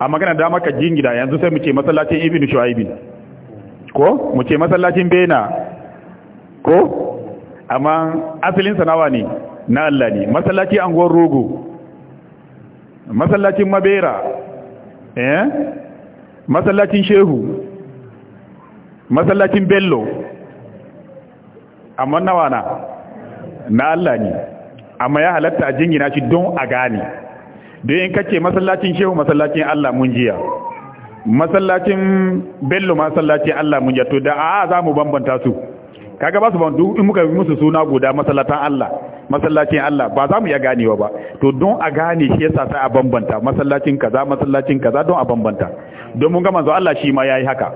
a magana da ka jingina yanzu sai mu ce masallacin ibnu Shu'aib ko mu ce masallacin bena ko amma asalin sanawa ne na Allah ne masallaci anguwar rogo masallacin mabera eh masallacin shehu masallacin bello amma nawa na na Allah ne amma ya halatta a jingina shi don a gane don in kace masallacin shehu masallacin Allah mun jiya masallacin bello masallacin Allah mun jiya da a za mu bambanta su kaga ba su ban duk in muka yi musu suna guda masallatan Allah masallacin Allah ba za mu iya ganewa ba to don a gane shi yasa sai a bambanta masallacin kaza masallacin kaza don a bambanta don mun ga manzo Allah shi ma yayi haka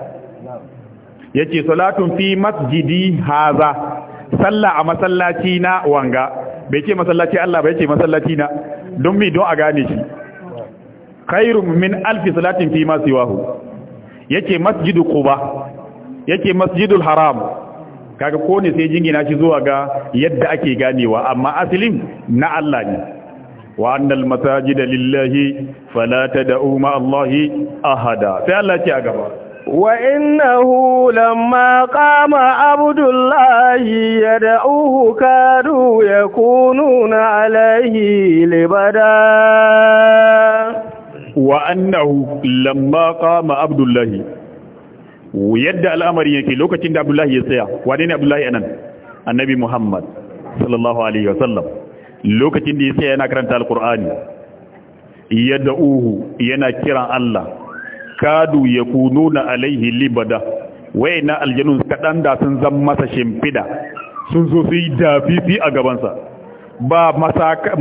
yace salatun fi masjidi haza sallah a masallaci na wanga bai ce masallaci Allah bai ce masallaci na don mi don a gane shi khairu min alfi salatin fi ma siwahu yake masjidu quba yake masjidul haram kaga ko ne sai jingina shi zuwa ga yadda ake ganewa amma asalin na Allah ne wa annal masajida lillahi fala tad'u ma Allah ahada sai Allah ce a gaba وإنه لما قام عبد الله يدعوه كادوا يكونون عليه لبدا وأنه لما قام عبد الله yadda al'amari yake lokacin da Abdullahi ya tsaya wane ne Abdullahi anan annabi Muhammad sallallahu alaihi wasallam lokacin da ya tsaya yana karanta alqur'ani yadda uhu yana kiran Allah kadu ya kununa alaihi libada wai na aljanun kaɗan da sun zan masa shimfida sun zo su yi dafifi a gabansa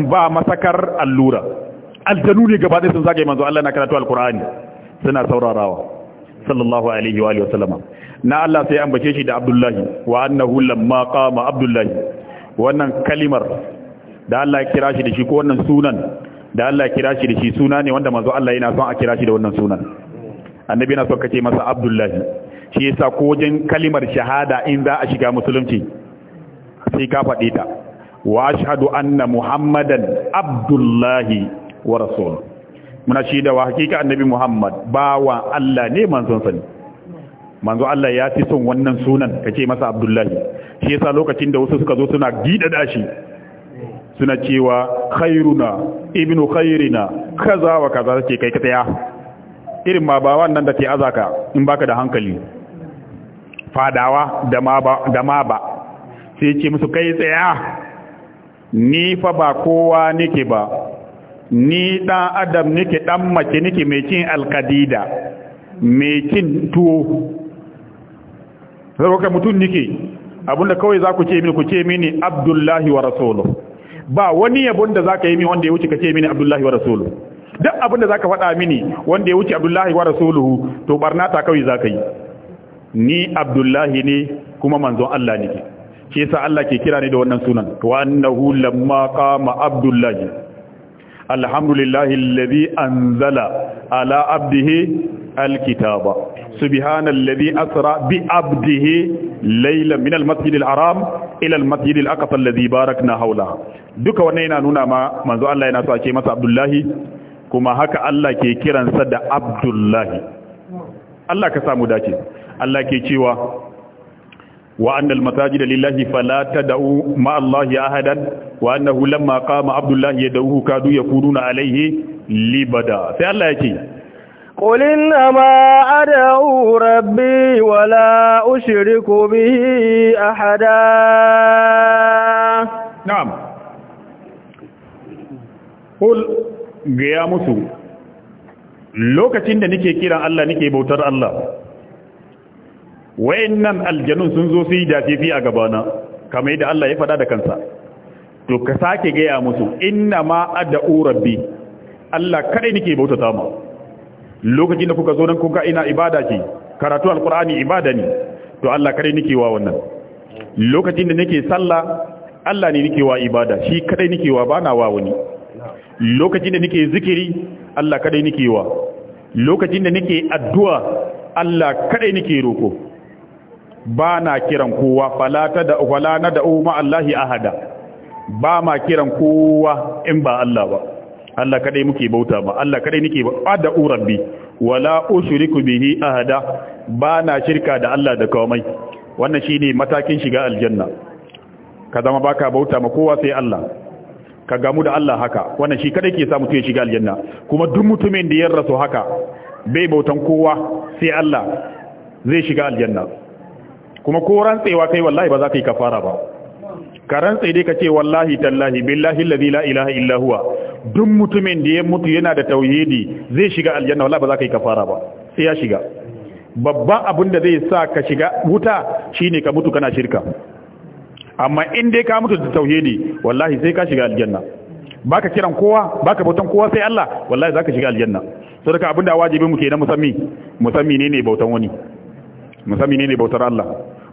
ba masakar allura aljanu ne gaba ɗaya sun zagaye manzo Allah na karatu alkur'ani suna saurarawa sallallahu alaihi wa sallama na Allah sai an bace shi da Abdullahi wa annahu lamma qama Abdullahi wannan kalimar da Allah ya kira shi da shi ko wannan sunan da Allah ya kira shi da shi suna ne wanda manzo Allah yana son a kira shi da wannan sunan annabi na son kace masa abdullahi shi yasa ko wajen kalimar shahada in za a shiga musulunci sai ka faɗi ta wa ashhadu anna muhammadan abdullahi wa rasul muna shi da wa hakika annabi muhammad bawa Allah ne manzon sani manzo Allah ya fi son wannan sunan kace masa abdullahi shi yasa lokacin da wasu suka zo suna gida da shi suna cewa khairuna ibnu khairina kaza wa kaza take kai ka taya irin ma ba wannan da ke azaka in baka da hankali fadawa da ma ba sai ce musu kai tsaya ni fa ba kowa nike ba ni dan adam nike, dan mace nike mai cin alkadida mai cin tuwo saboda mutum nike abinda kawai za ku ce mini ku ce mini abdullahi wa rasulu ba wani yabon da za ka yi min wanda ya wuce ka ce mini abdullahi wa rasulu duk abin da zaka faɗa mini wanda ya wuce abdullahi wa rasuluhu to barna ta kawai zaka yi ni abdullahi ne kuma manzon Allah nake shi yasa Allah ke kira ni da wannan sunan wa annahu lamma qama abdullahi alhamdulillahi alladhi anzala ala abdihi الكتاب سبحان الذي bi abdihi ليلا من المسجد الحرام إلى المسجد الأقصى الذي باركنا حوله duka wannan yana nuna ma manzo Allah yana so a ce masa Abdullahi kuma haka Allah ke kiransa da Abdullahi Allah ka samu dace Allah ke cewa wa annal masajida lillahi fala da'u ma ya ahadan wa annahu lamma qama Abdullahi yad'uhu kadu yakununa alayhi libada sai Allah yake قل إنما rabbi ربي ولا أشرك به أحدا نعم قل gaya musu lokacin da nake kiran Allah nake bautar Allah nan aljanun sun zo su yi dafifi a gabana kamar yadda Allah ya faɗa da kansa to ka sake gaya musu inna ma ad'u rabbi Allah kadai nake bautata ma lokacin da kuka zo nan kuka ina ibada ce karatu alqur'ani ibada ne to Allah kadai nake wa wannan lokacin da nake sallah Allah ne nake wa ibada shi kadai nake wa bana wa wani lokacin da nake zikiri Allah kadai nake wa lokacin da nake addu'a Allah kadai nake roko ba na kiran kowa falata da wala na da umma Allahi ahada ba ma kiran kowa in ba Allah ba Allah kadai muke bauta ma Allah kadai nake ba da urabbi wala ushriku bihi ahada ba na shirka da Allah da komai wannan shine matakin shiga aljanna ka zama baka bauta ma kowa sai Allah ka gamu da Allah haka wannan shi kadai ke sa mutum ya shiga aljanna kuma duk mutumin da ya rasu haka bai bautan kowa sai Allah zai shiga aljanna kuma ko rantsewa kai wallahi ba za ka yi kafara ba ka rantse dai ka ce wallahi tallahi billahi allazi la ilaha illa huwa duk mutumin da ya mutu yana da tauhidi zai shiga aljanna wallahi ba za ka yi kafara ba sai ya shiga babban abin da zai sa ka shiga wuta shine ka mutu kana shirka amma in dai ka mutu da tauhidi wallahi sai ka shiga aljanna baka kiran kowa baka bautan kowa sai Allah wallahi zaka shiga aljanna so daga abinda wajibi mu kenan musammi musammi ne ne bautan wani musammi ne ne bautar Allah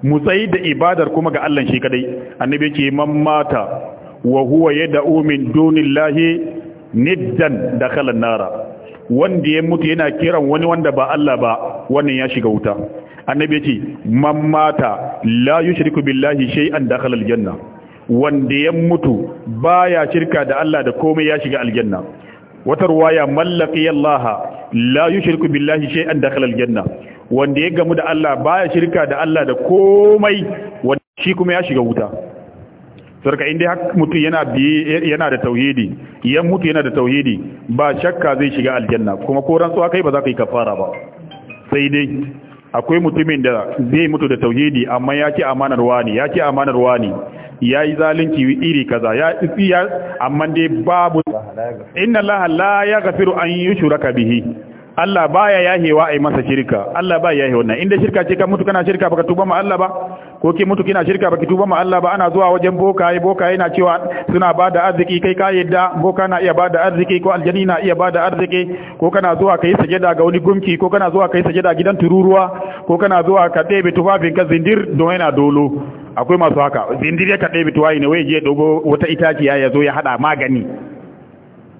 mu tsayi da ibadar kuma ga Allah shi kadai annabi yake man mata wa huwa yad'u min dunillahi niddan dakhala an-nara wanda ya mutu yana kiran wani wanda ba Allah ba wannan ya shiga wuta annabi yace man mata la yushriku billahi shay'an dakhala aljanna wanda ya mutu baya shirka da Allah da komai ya shiga aljanna wata ruwaya mallaki Allah la yushriku billahi shay'an dakhala aljanna wanda ya gamu da Allah baya shirka da Allah da komai wanda shi kuma ya shiga wuta sarka inda hak mutu yana yana da tauhidi ya mutu yana da tauhidi ba shakka zai shiga aljanna kuma ko rantsuwa kai ba za ka yi kafara ba sai dai akwai mutumin da zai mutu da tauhidi amma ya ce amanar wani ya ce amanar wani ya yi zalunci iri kaza ya tsiya amma dai babu inna Allah la yaghfiru an yushraka bihi Allah baya yahewa ai masa shirka Allah baya yahewa inda shirka ce ka mutu kana shirka baka tuba ma Allah ba ko ke mutu kina shirka baki tuba ma Allah ba ana zuwa wajen bokaye bokaye na cewa suna bada arziki kai ka yadda boka na iya bada arziki ko aljani na iya bada arziki ko kana zuwa kai sajada ga wani gumki ko kana zuwa kai sajada gidan tururuwa ko kana zuwa ka ɗebe tufafin ka zindir don yana dolo akwai masu haka zindir ya ka ɗebe tuwayi ne wai je dogo wata itaciya ya zo ya hada magani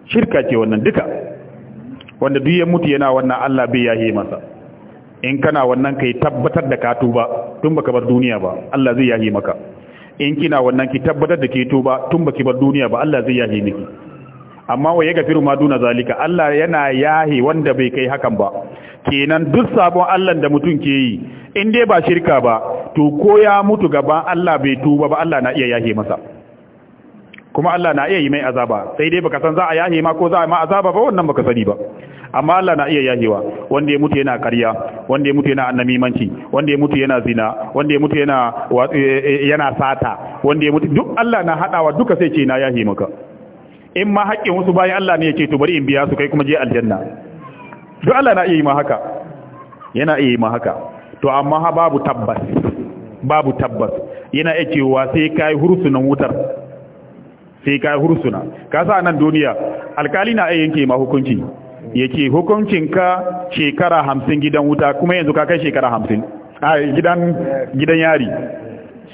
shirka ce wannan duka wanda duk ya mutu yana wannan Allah bai yahe masa in kana wannan kai tabbatar da ka tuba tun baka bar duniya ba Allah zai yahi maka in kina wannan ki tabbatar da ke tuba tun baki bar duniya ba Allah zai yahi miki amma ga yaghfiru ma duna zalika Allah yana yahi wanda bai kai hakan ba kenan duk sabon Allah da mutum ke yi in dai ba shirka ba to ko ya mutu gaban Allah bai tuba ba Allah na iya yahi masa kuma Allah na iya yi mai azaba sai dai baka san za a yahi ma ko za a ma azaba ba wannan baka sani ba amma Allah na iya yahewa wanda ya mutu yana karya wanda ya mutu yana annamimanci wanda ya mutu yana zina wanda ya mutu yana eh, eh, yana sata wanda ya mutu duk Allah na hadawa duka sai ce na yahi maka in ma haƙƙin wasu bayan Allah ne ya ce to bari in biya su kai kuma je aljanna duk Allah na iya yi ma haka yana iya yi ma haka to amma ha babu tabbas babu tabbas yana iya cewa sai kai hursunan wutar sai kai hursuna ka sa nan duniya alkali na iya yanke ma hukunci ya ce hukuncinka shekara hamsin gidan wuta kuma yanzu ka kai shekara hamsin a gidan gidan yari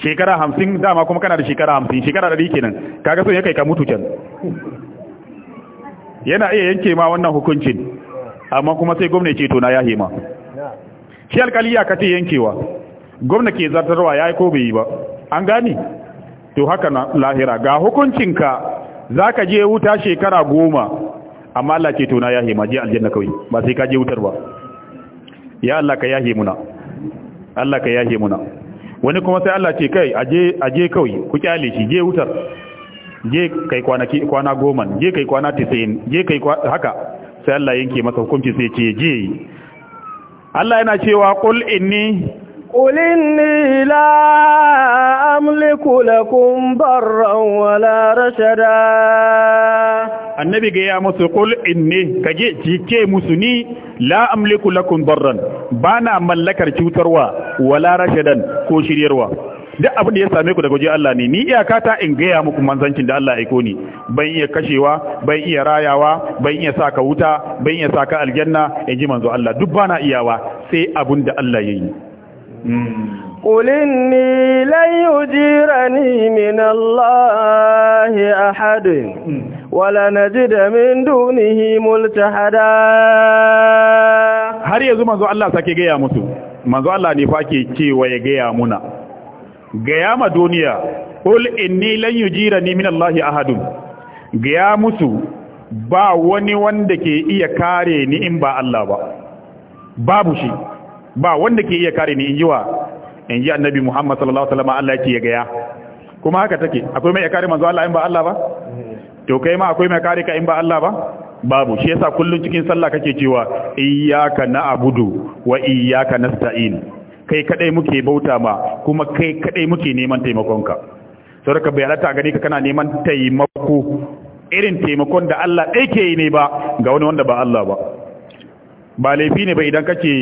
shekara hamsin dama kuma kana da shekara hamsin shekara rike kenan kaga so ya kai ka mutu can yana iya yanke ma wannan hukuncin amma kuma sai gwamna ce to na ya hema shi alkali ya kace yankewa gwamna ke zartarwa yayi ko bai yi ba an gane to haka na lahira ga hukuncinka zaka je wuta shekara goma amma Allah ce to na yahe ma je aljanna kawai ba sai ka je wutar ba ya Allah ka yahe muna Allah ka yahe muna wani kuma sai Allah ce kai aje aje kawai ku kyale shi je wutar je kai kwana kwana goma je kai kwana 90 je kai haka sai Allah yanke masa hukunci sai ce je Allah yana cewa qul inni قل إني لا أملك لكم برا ولا رشدا النبي قال يا مسو قل إني كجي كي مسني لا أملك لكم برا بانا mallakar cutarwa ولا رشدا ko شريروا duk abin da ya same ku daga waje Allah ne ni iyaka ta in gaya muku manzancin da Allah aiko ni ban iya kashewa ban iya rayawa ban iya saka wuta ban iya saka aljanna in ji manzo Allah duk bana iyawa sai abin da Allah ya yi قل إني لن يجيرني من الله أحد ولا نجد من دونه ملتحدا har yanzu manzo Allah sake gaya musu manzo Allah ne ke cewa ya gaya muna gaya ma duniya qul inni lan yujirani min Allah ahadun gaya musu ba wani wanda ke iya kare ni in ba Allah ba babu shi ba wanda ke iya kare ni in yiwa in ji annabi Muhammad sallallahu alaihi wasallam Allah yake gaya kuma haka take akwai mai kare manzo Allah in ba Allah ba to kai ma akwai mai kare ka in ba Allah ba babu shi yasa kullun cikin sallah kake cewa iyyaka na'budu wa iyyaka nasta'in kai kadai muke bauta ma kuma kai kadai muke neman taimakon taimakonka saboda bai halatta gani ka kana neman taimako irin taimakon da Allah ɗaya ke yi ne ba ga wani wanda ba Allah ba ba laifi ne ba idan kake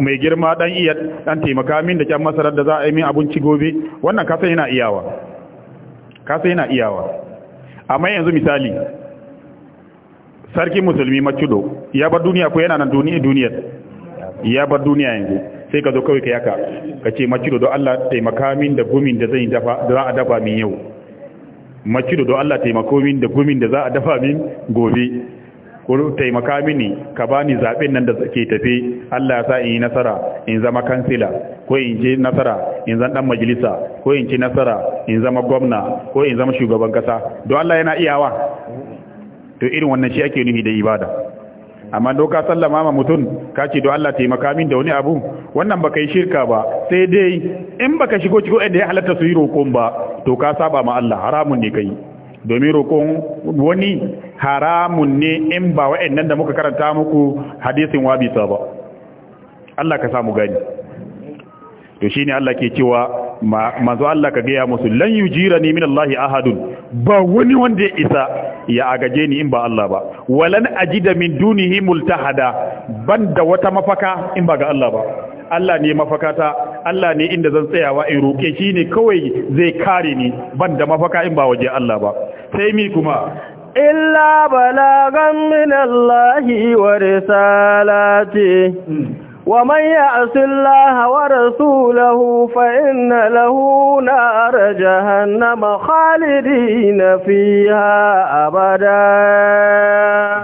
mai girma dan iya dan taimaka min da kyan masarar da za a yi min abinci gobe wannan kasan yana iyawa kasan yana iyawa amma yanzu misali sarki musulmi macudo ya bar duniya ko yana nan duniya duniyar ya bar duniya yanzu sai ka zo kawai ka yaka ka ce macudo don Allah taimaka min da gumin da zai dafa da za a dafa min yau macudo don Allah taimako min da gumin da za a dafa min gobe ku taimaka mini ka bani zaɓen nan da ke tafi Allah ya sa in yi nasara in zama kansila ko in ci nasara in zan dan majalisa ko in ci nasara in zama gwamna ko in zama shugaban kasa don Allah yana iyawa to irin wannan shi ake nufi da ibada amma do sallama ma mutum ka ce don Allah taimaka min da wani abu wannan baka yi shirka ba sai dai in baka shigo cikin da ya halatta su yi roƙon ba to ka saba ma Allah haramun ne kai domin rokon wani haramun ne in ba wa'annan da muka karanta muku hadisin wabita ba Allah ka samu gani to shine Allah ke cewa manzo Allah ka gaya musu lan yujirani min Allah ahadun ba wani wanda ya isa ya agaje ni in ba Allah ba walan ajida min dunihi multahada banda wata mafaka in ba ga Allah ba Allah ne mafakata Allah ne inda zan tsayawa in roke shi ne kawai zai kare ni ban da mafaka in ba waje Allah ba sai mi kuma Illa إلا بلاغا من الله ورسالاته ومن يعص الله ورسوله فإن له نار جهنم خالدين فيها أبدا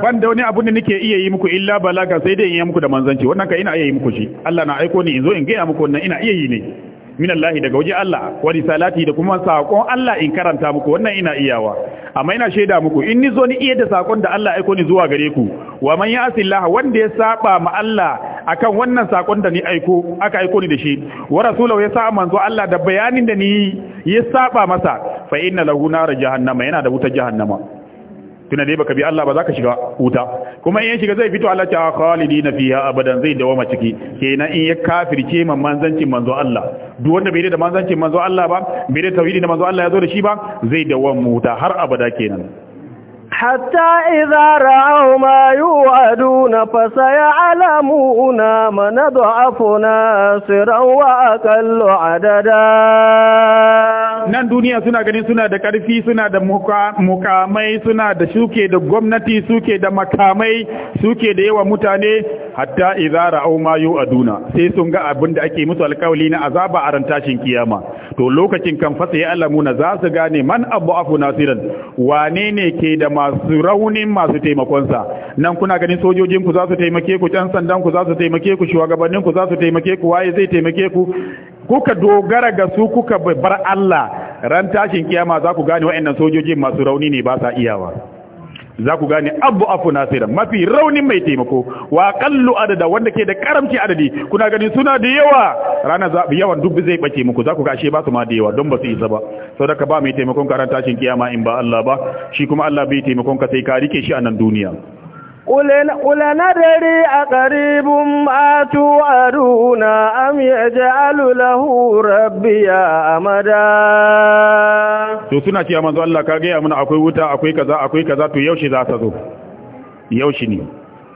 ban wani abun da nake iya yi muku illa balaga sai dai in yi muku da manzanci wannan ka ina iya yi muku shi Allah na aiko ni in zo in gaya muku wannan ina iya yi ne min Allah daga waje Allah wa risalati da kuma sakon Allah in karanta muku wannan ina iyawa amma ina shaida muku in nizo ni iya da sakon da Allah aiko ni zuwa gare ku wa man ya'si Allah wanda ya saba ma Allah akan wannan sakon da ni aiko aka aiko ni da shi wa rasulahu ya sa manzo Allah da bayanin da ni ya saba masa fa inna lahu nar jahannama yana da wutar jahannama tuna dai baka bi Allah ba zaka shiga wuta kuma in ya shiga zai fito Allah ta ah, khalidina fiha abadan zai dawama ciki kenan in ya kafirce man manzancin manzo Allah duk wanda bai da manzancin manzo Allah ba bai da tauhidi da manzo Allah ya zo da shi ba zai dawama wuta har abada kenan حتى إذا رأوا ما يوعدون فسيعلمون من ضعف ناصرا وأقل عددا nan duniya suna gani suna da ƙarfi suna da mukamai suna da suke da gwamnati suke da makamai suke da yawa mutane hatta idza ra'aw ma sai sun ga abin da ake musu alkawali na azaba a rantashin tashin kiyama to lokacin kan fasa ya alamuna za su gane man abu afu nasiran wane ne ke da masu masu raunin masu taimakonsa nan kuna ganin sojojin ku za su taimake ku can sandan ku za su taimake ku shugabannin ku za su taimake ku waye zai taimake ku kuka dogara ga su kuka bar Allah ran tashin kiyama za ku gane waɗannan sojojin masu rauni ne ba sa iyawa za ku gane abu afu nasira mafi raunin mai taimako wa kallu adada wanda ke da karamci adadi kuna gani suna da yawa rana za yawan duk zai bace muku za ku ga ashe ba su ma da yawa don ba su isa ba saboda ka ba mai taimakon karanta shin kiyama in ba Allah ba shi kuma Allah bai taimakon ka sai ka rike shi a nan duniya قل ندري a karibin توعدون أم يجعل له ربي أمدا to suna ce manzo Allah ka gaya mana akwai wuta akwai kaza akwai kaza to yaushe za ta zo yaushe ne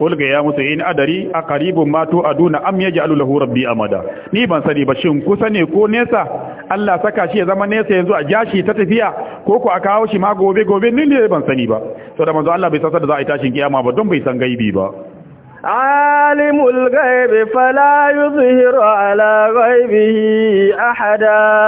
ulga ya musu in adari a karibin Mato a duna am ji alulahu rabbi amada ni ban sani ba shin kusa ne ko nesa Allah saka shi ya zama nesa yanzu a jashi ta tafiya ko ku a kawo shi ma gobe gobe ni ne ban sani ba saboda manzo Allah bai san da za a yi tashin kiyama ba don bai san gaibi ba عالم الغيب فلا يظهر على غيبه أحدا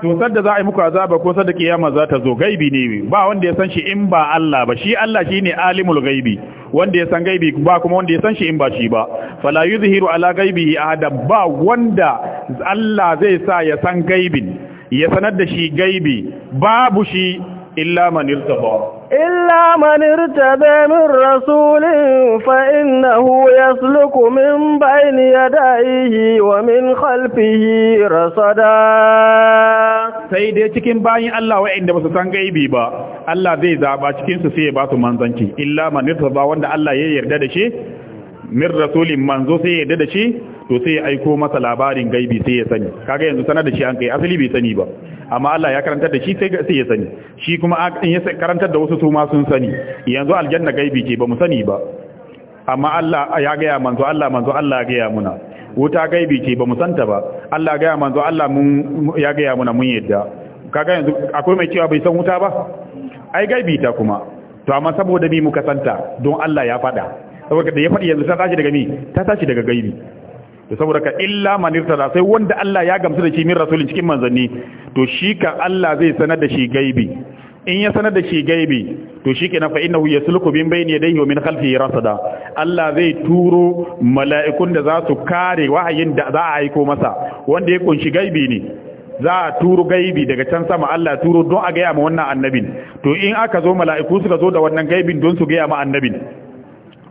to sanda za a yi muku azaba ko sanda kiyama za ta zo gaibi ne ba wanda ya san shi in ba Allah ba shi Allah shi ne alimul gaibi wanda ya san gaibi ba kuma wanda ya san shi in ba shi ba fala yuzhiru ala gaibihi ahada ba wanda Allah zai sa ya san gaibin ya sanar da shi gaibi babu shi إلا من ارتضى إلا من ارتضى من رسول فإنه يسلك من بين يديه ومن خلفه رصدا sai dai cikin bayan Allah waɗanda ba su san gaibi ba Allah zai zaba cikin sai ya ba su manzanci illa ارتضى wanda Allah ya yarda da shi min rasulin manzo sai ya da shi to sai ya aiko masa labarin gaibi sai ya sani kaga yanzu sanar da shi an kai asali bai sani ba amma Allah ya karantar da shi sai sai ya sani shi kuma in ya karantar da wasu su ma sun sani yanzu aljanna gaibi ce ba mu sani ba amma Allah ya gaya manzo Allah manzo Allah ya gaya muna wuta gaibi ce ba mu santa ba Allah ya gaya manzo Allah mun ya gaya muna mun yadda kaga yanzu akwai mai cewa bai san wuta ba ai gaibi ta kuma to amma saboda ni muka santa don Allah ya fada saboda da ya faɗi yanzu ta tashi daga mi ta tashi daga gaibi Da saboda ka illa manirta da sai wanda Allah ya gamsu da shi min rasulin cikin manzanni to shi ka Allah zai sanar da shi gaibi in ya sanar da shi gaibi to shi ke nafa inahu ya sulku bin bayni yadayhi wa min khalfihi rasada Allah zai turo mala'ikun da za su kare wahayin da za a aiko masa wanda ya kunshi gaibi ne za a turo gaibi daga can sama Allah turo don a gaya ma wannan annabin to in aka zo mala'iku suka zo da wannan gaibin don su gaya ma annabin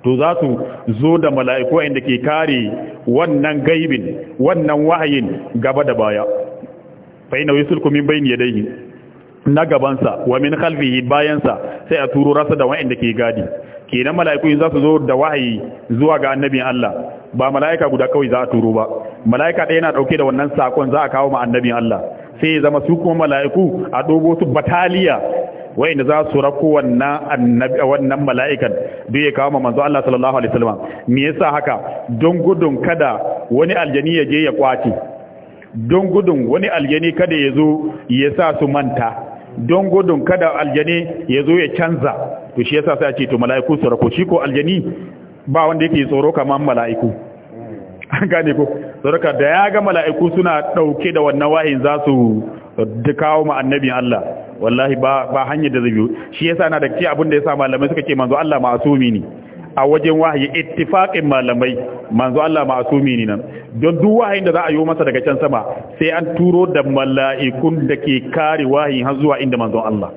to za su zo da mala'iku inda ke kare wannan gaibin wannan wahayin gaba da baya Fai na wisul kumin min ya yadayhi na gabansa wa min khalfihi bayansa sai a turo rasa da da ke gadi kenan mala'iku za su zo da wahayi zuwa ga annabin Allah ba mala'ika guda kawai za a turo ba mala'ika ɗaya na ɗauke da wannan saƙon za a kawo ma annabin Allah sai ya zama su kuma mala'iku a dobo su bataliya wayanda za su rako wannan annabi wannan mala'ikan da ya kawo manzo Allah sallallahu alaihi wasallam me yasa haka don gudun kada wani aljani ya je ya kwace don gudun wani aljani kada ya zo ya sa su manta don gudun kada aljani ya zo ya canza to shi yasa sai a ce to mala'iku su rako shi ko aljani ba wanda yake tsoro kaman mala'iku an gane ko sauraka da ya ga mala'iku suna ɗauke da wannan wahin za su kawo ma annabin Allah wallahi ba ba hanyar da zai biyo shi yasa na da ci abin da yasa malamai suka ce manzo Allah ma'asumi ne a wajen wahayi ittifaqin malamai manzo Allah ma'asumi ni nan don duk wahayin da za a yi masa daga can sama sai an turo da mala'ikun da ke kare wahayin har zuwa inda manzo Allah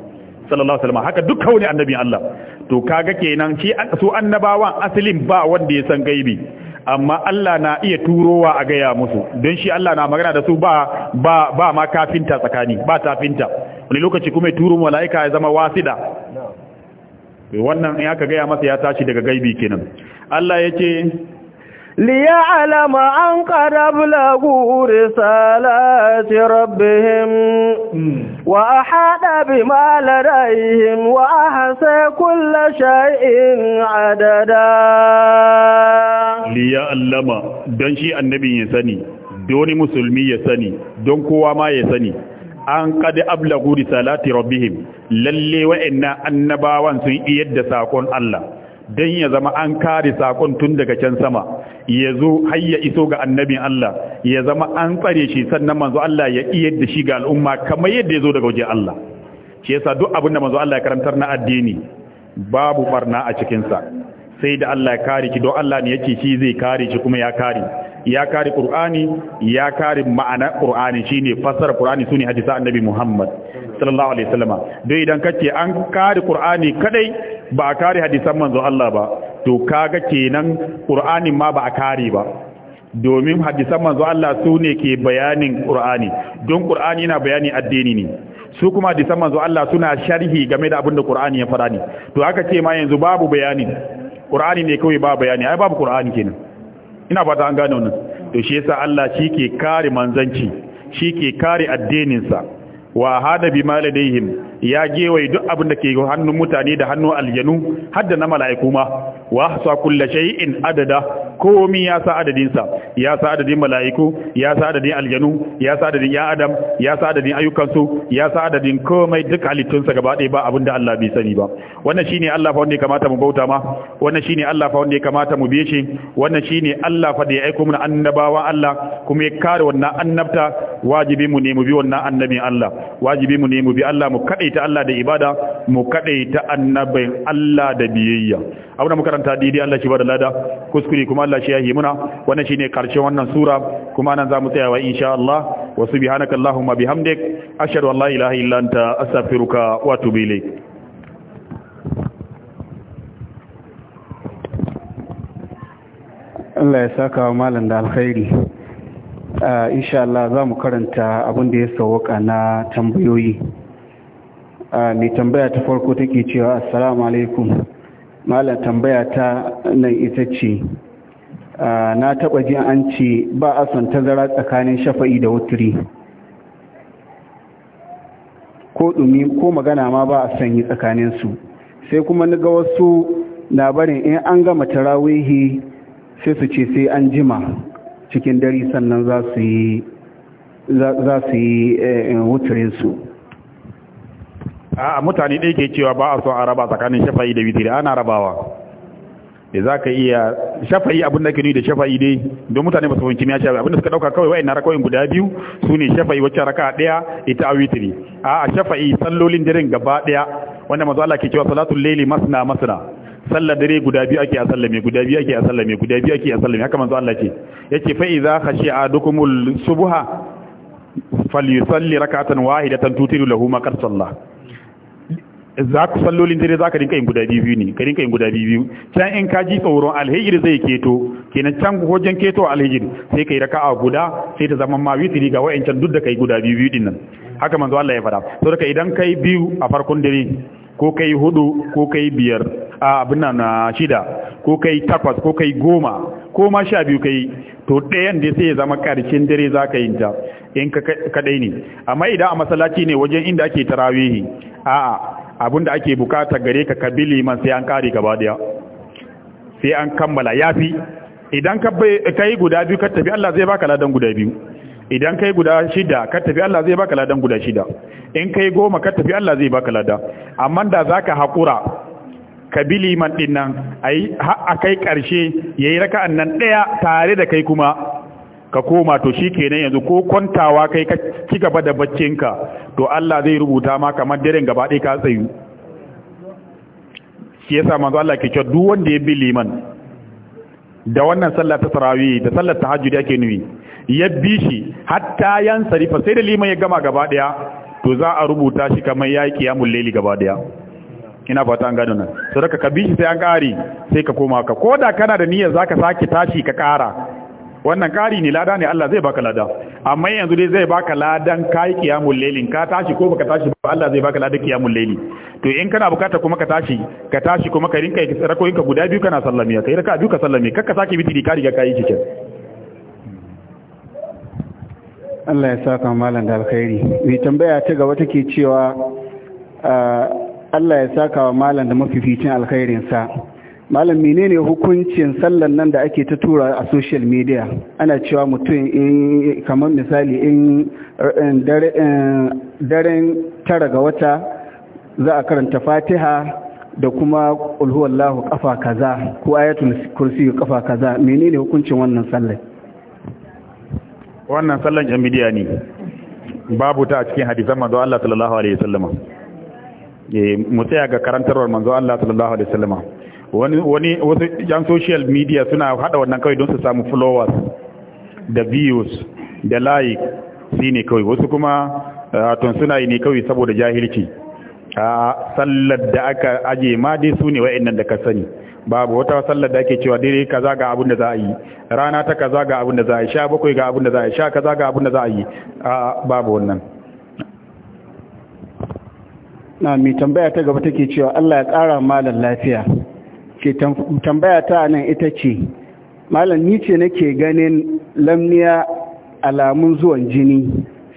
sallallahu alaihi wasallam haka dukkan wani annabi Allah to kaga kenan shi su annabawan asalin ba wanda ya san gaibi amma Allah na iya turowa a gaya musu don shi Allah na magana da su ba ba ba ma kafinta tsakani ba tafinta wani lokaci kuma turu mala'ika ya zama wasida wannan ya ka gaya masa ya tashi daga gaibi kenan Allah ya ce liya'alama an qarab lahu risalati rabbihim wa ahada bima ladaihim wa ahsa kulla shay'in adada liya'alama dan shi annabi ya sani don musulmi ya sani don kowa ma ya sani an abla ablagu risalati rabbihim lalle inna annabawan sun iya da sakon Allah dan ya zama an kare sakon tun daga can sama yazo zo har ya iso ga annabin Allah ya zama an tsare shi sannan manzo Allah ya iya da shi ga al'umma kamar yadda ya zo daga wajen Allah shi yasa duk abin da manzo Allah ya karantar na addini babu barna a cikin sa sai da Allah ya kare ki don Allah ne yake shi zai kare ki kuma ya kare ya kare qur'ani ya kare ma'ana qur'ani shine fassara qur'ani sune hadisi annabi Muhammad sallallahu alaihi wasallama dai idan kace an kare qur'ani kadai ba a kare hadisan manzo Allah ba to kaga kenan qur'ani ma ba a kare ba domin hadisan manzo Allah sune ke bayanin qur'ani don qur'ani yana bayani addini ne su kuma hadisan manzo Allah suna sharhi game da abinda qur'ani ya fara ne to haka ce ma yanzu babu bayani qur'ani ne kawai ba bayani ai babu qur'ani kenan ina ba an gane wannan to shi yasa Allah shi ke kare manzanci shi ke kare addininsa wa hada bi maladihim ya gewaye duk abin da ke hannun mutane da hannun aljanu har da na mala'iku ma wa sa kullu shay'in adada komi ya sa adadinsa ya sa adadin mala'iku ya sa adadin aljanu ya sa adadin ya adam ya sa adadin ayyukansu ya sa adadin komai duk halittunsa gaba ɗaya ba abin da Allah bai sani ba wannan shine Allah fa wanda ya kamata mu bauta ma wannan shine Allah fa wanda ya kamata mu biye shi wannan shine Allah fa da ya aiko mana annabawa Allah kuma ya kare wannan annabta wajibi mu ne mu bi wannan annabin Allah wajibi mu ne mu bi Allah mu kaɗai. kadaita Allah da ibada mu kadaita annabin Allah da biyayya abin da karanta didi Allah shi bada lada kuskure kuma Allah shi yahi muna wannan shine karshen wannan sura kuma nan zamu tsayawa insha Allah wa subhanaka allahumma bihamdik ashhadu an la ilaha illa anta astaghfiruka wa atubu ilayk Allah ya saka wa malam da alkhairi ah, insha Allah za mu karanta abin da ya sauwaka na tambayoyi a mai tambaya ta farko take cewa assalamu alaikum malam tambaya ta nan ita ce na taba ji an ce ba a son tazara tsakanin shafa'i da wuturi ko dumi ko magana ma ba a son yi tsakanin su sai kuma ni ga wasu na barin in an gama tarawihi sai su ce sai an jima cikin dare sannan za su yi eh, eh, wuturinsu a mutane ɗaya ke cewa ba a son a raba tsakanin shafa'i da witiri ana rabawa da za ka iya shafa'i abin da ke nuni da shafa'i dai don mutane masu fahimci ya shafa'i abin da suka ɗauka kawai wa'in na rakawoyin guda biyu su ne shafa'i wacce raka ɗaya ita a witiri a a shafa'i sallolin dare gaba ɗaya wanda mazu Allah ke cewa salatun laili masna masna sallar dare guda biyu ake a sallame guda biyu ake a sallame guda biyu ake a sallame haka manzo Allah ce ya ce yace fa a khashi'a dukumul subha falyusalli rak'atan wahidatan tutiru lahu ma qad sallah za ku sallolin dare za ka rinka yin guda biyu ne ka rinka yin guda biyu can in ka ji tsoron alhijir zai keto kenan can wajen keto alhijir sai kai raka'a guda sai ta zama ma witiri ga wayancan duk da kai guda biyu din nan haka manzo Allah ya fada to daga idan kai biyu a farkon dare ko kai hudu ko kai biyar a abin nan shida ko kai takwas ko kai goma ko ma sha biyu kai to ɗayan da sai ya zama ƙarshen dare za ka yin ta in ka kaɗai ne amma idan a masallaci ne wajen inda ake tarawihi a'a abinda ake bukata gare ka ka bili man sai an kare gaba daya sai an kammala yafi idan ka kai guda biyu ka tafi Allah zai baka ladan guda biyu idan kai guda shida ka tafi Allah zai baka ladan guda shida in kai goma ka tafi Allah zai baka lada amma da zaka hakura kabili man din nan ai a kai karshe yayi raka'an nan daya tare da kai kuma ka koma to shi kenan yanzu ko kwantawa kai ka ci gaba da baccinka to Allah zai rubuta ma kamar daren gaba ɗaya ka tsayu shi yasa manzo Allah ke cewa duk wanda ya bi liman da wannan sallah ta tarawih da sallar tahajjud ake nuyi ya bi shi hatta yan sarifa sai da liman ya gama gaba ɗaya to za a rubuta shi kamar yayi qiyamul layli gaba ɗaya ina fata an gano nan saboda ka bi shi sai an kare sai ka koma ka koda kana da niyyar zaka sake tashi ka kara wannan ƙari ne lada ne Allah zai baka lada amma yanzu dai zai baka ladan kai kiyamul lailin ka tashi ko baka tashi ba Allah zai baka ladan kiyamul laili to in kana bukata kuma ka tashi ka tashi kuma ka rinka rakoyin ka guda biyu kana sallami ka raka biyu ka sallami kakka sake biti ka riga kai cikin Allah ya saka malam da alkhairi mai tambaya ta gaba take cewa ah, Allah ya saka wa malam da mafificin alkhairinsa malam menene hukuncin sallan nan da ake ta tura a social media ana cewa mutum kamar misali in daren tara ga wata za a karanta fatiha da kuma ulhuwallahu kafa kaza ko ayatul kursi kafa kaza menene hukuncin wannan sallan wannan sallan midiya ne babu ta a cikin hadisan manzo Allah sallallahu alaihi wasallam eh mutaya ga karantarwar manzo Allah sallallahu alaihi wasallam wani wasu yan social media suna hada wannan kawai don su samu followers da views da like shi ne kawai wasu kuma eh, tun suna yi ne kawai saboda jahilci a sallar da aka aje ma dai su ne wa'in da ka sani babu wata sallar da ake cewa ka kaza ga abin da za a yi rana ta kaza ga abin da za a yi sha bakwai ga abin da za a yi sha kaza ga abin da za a yi babu wannan na mai tambaya ta gaba take cewa Allah ya ƙara malar lafiya ke tambaya ta nan ita ce malam ni ce nake ganin lamniya alamun zuwan jini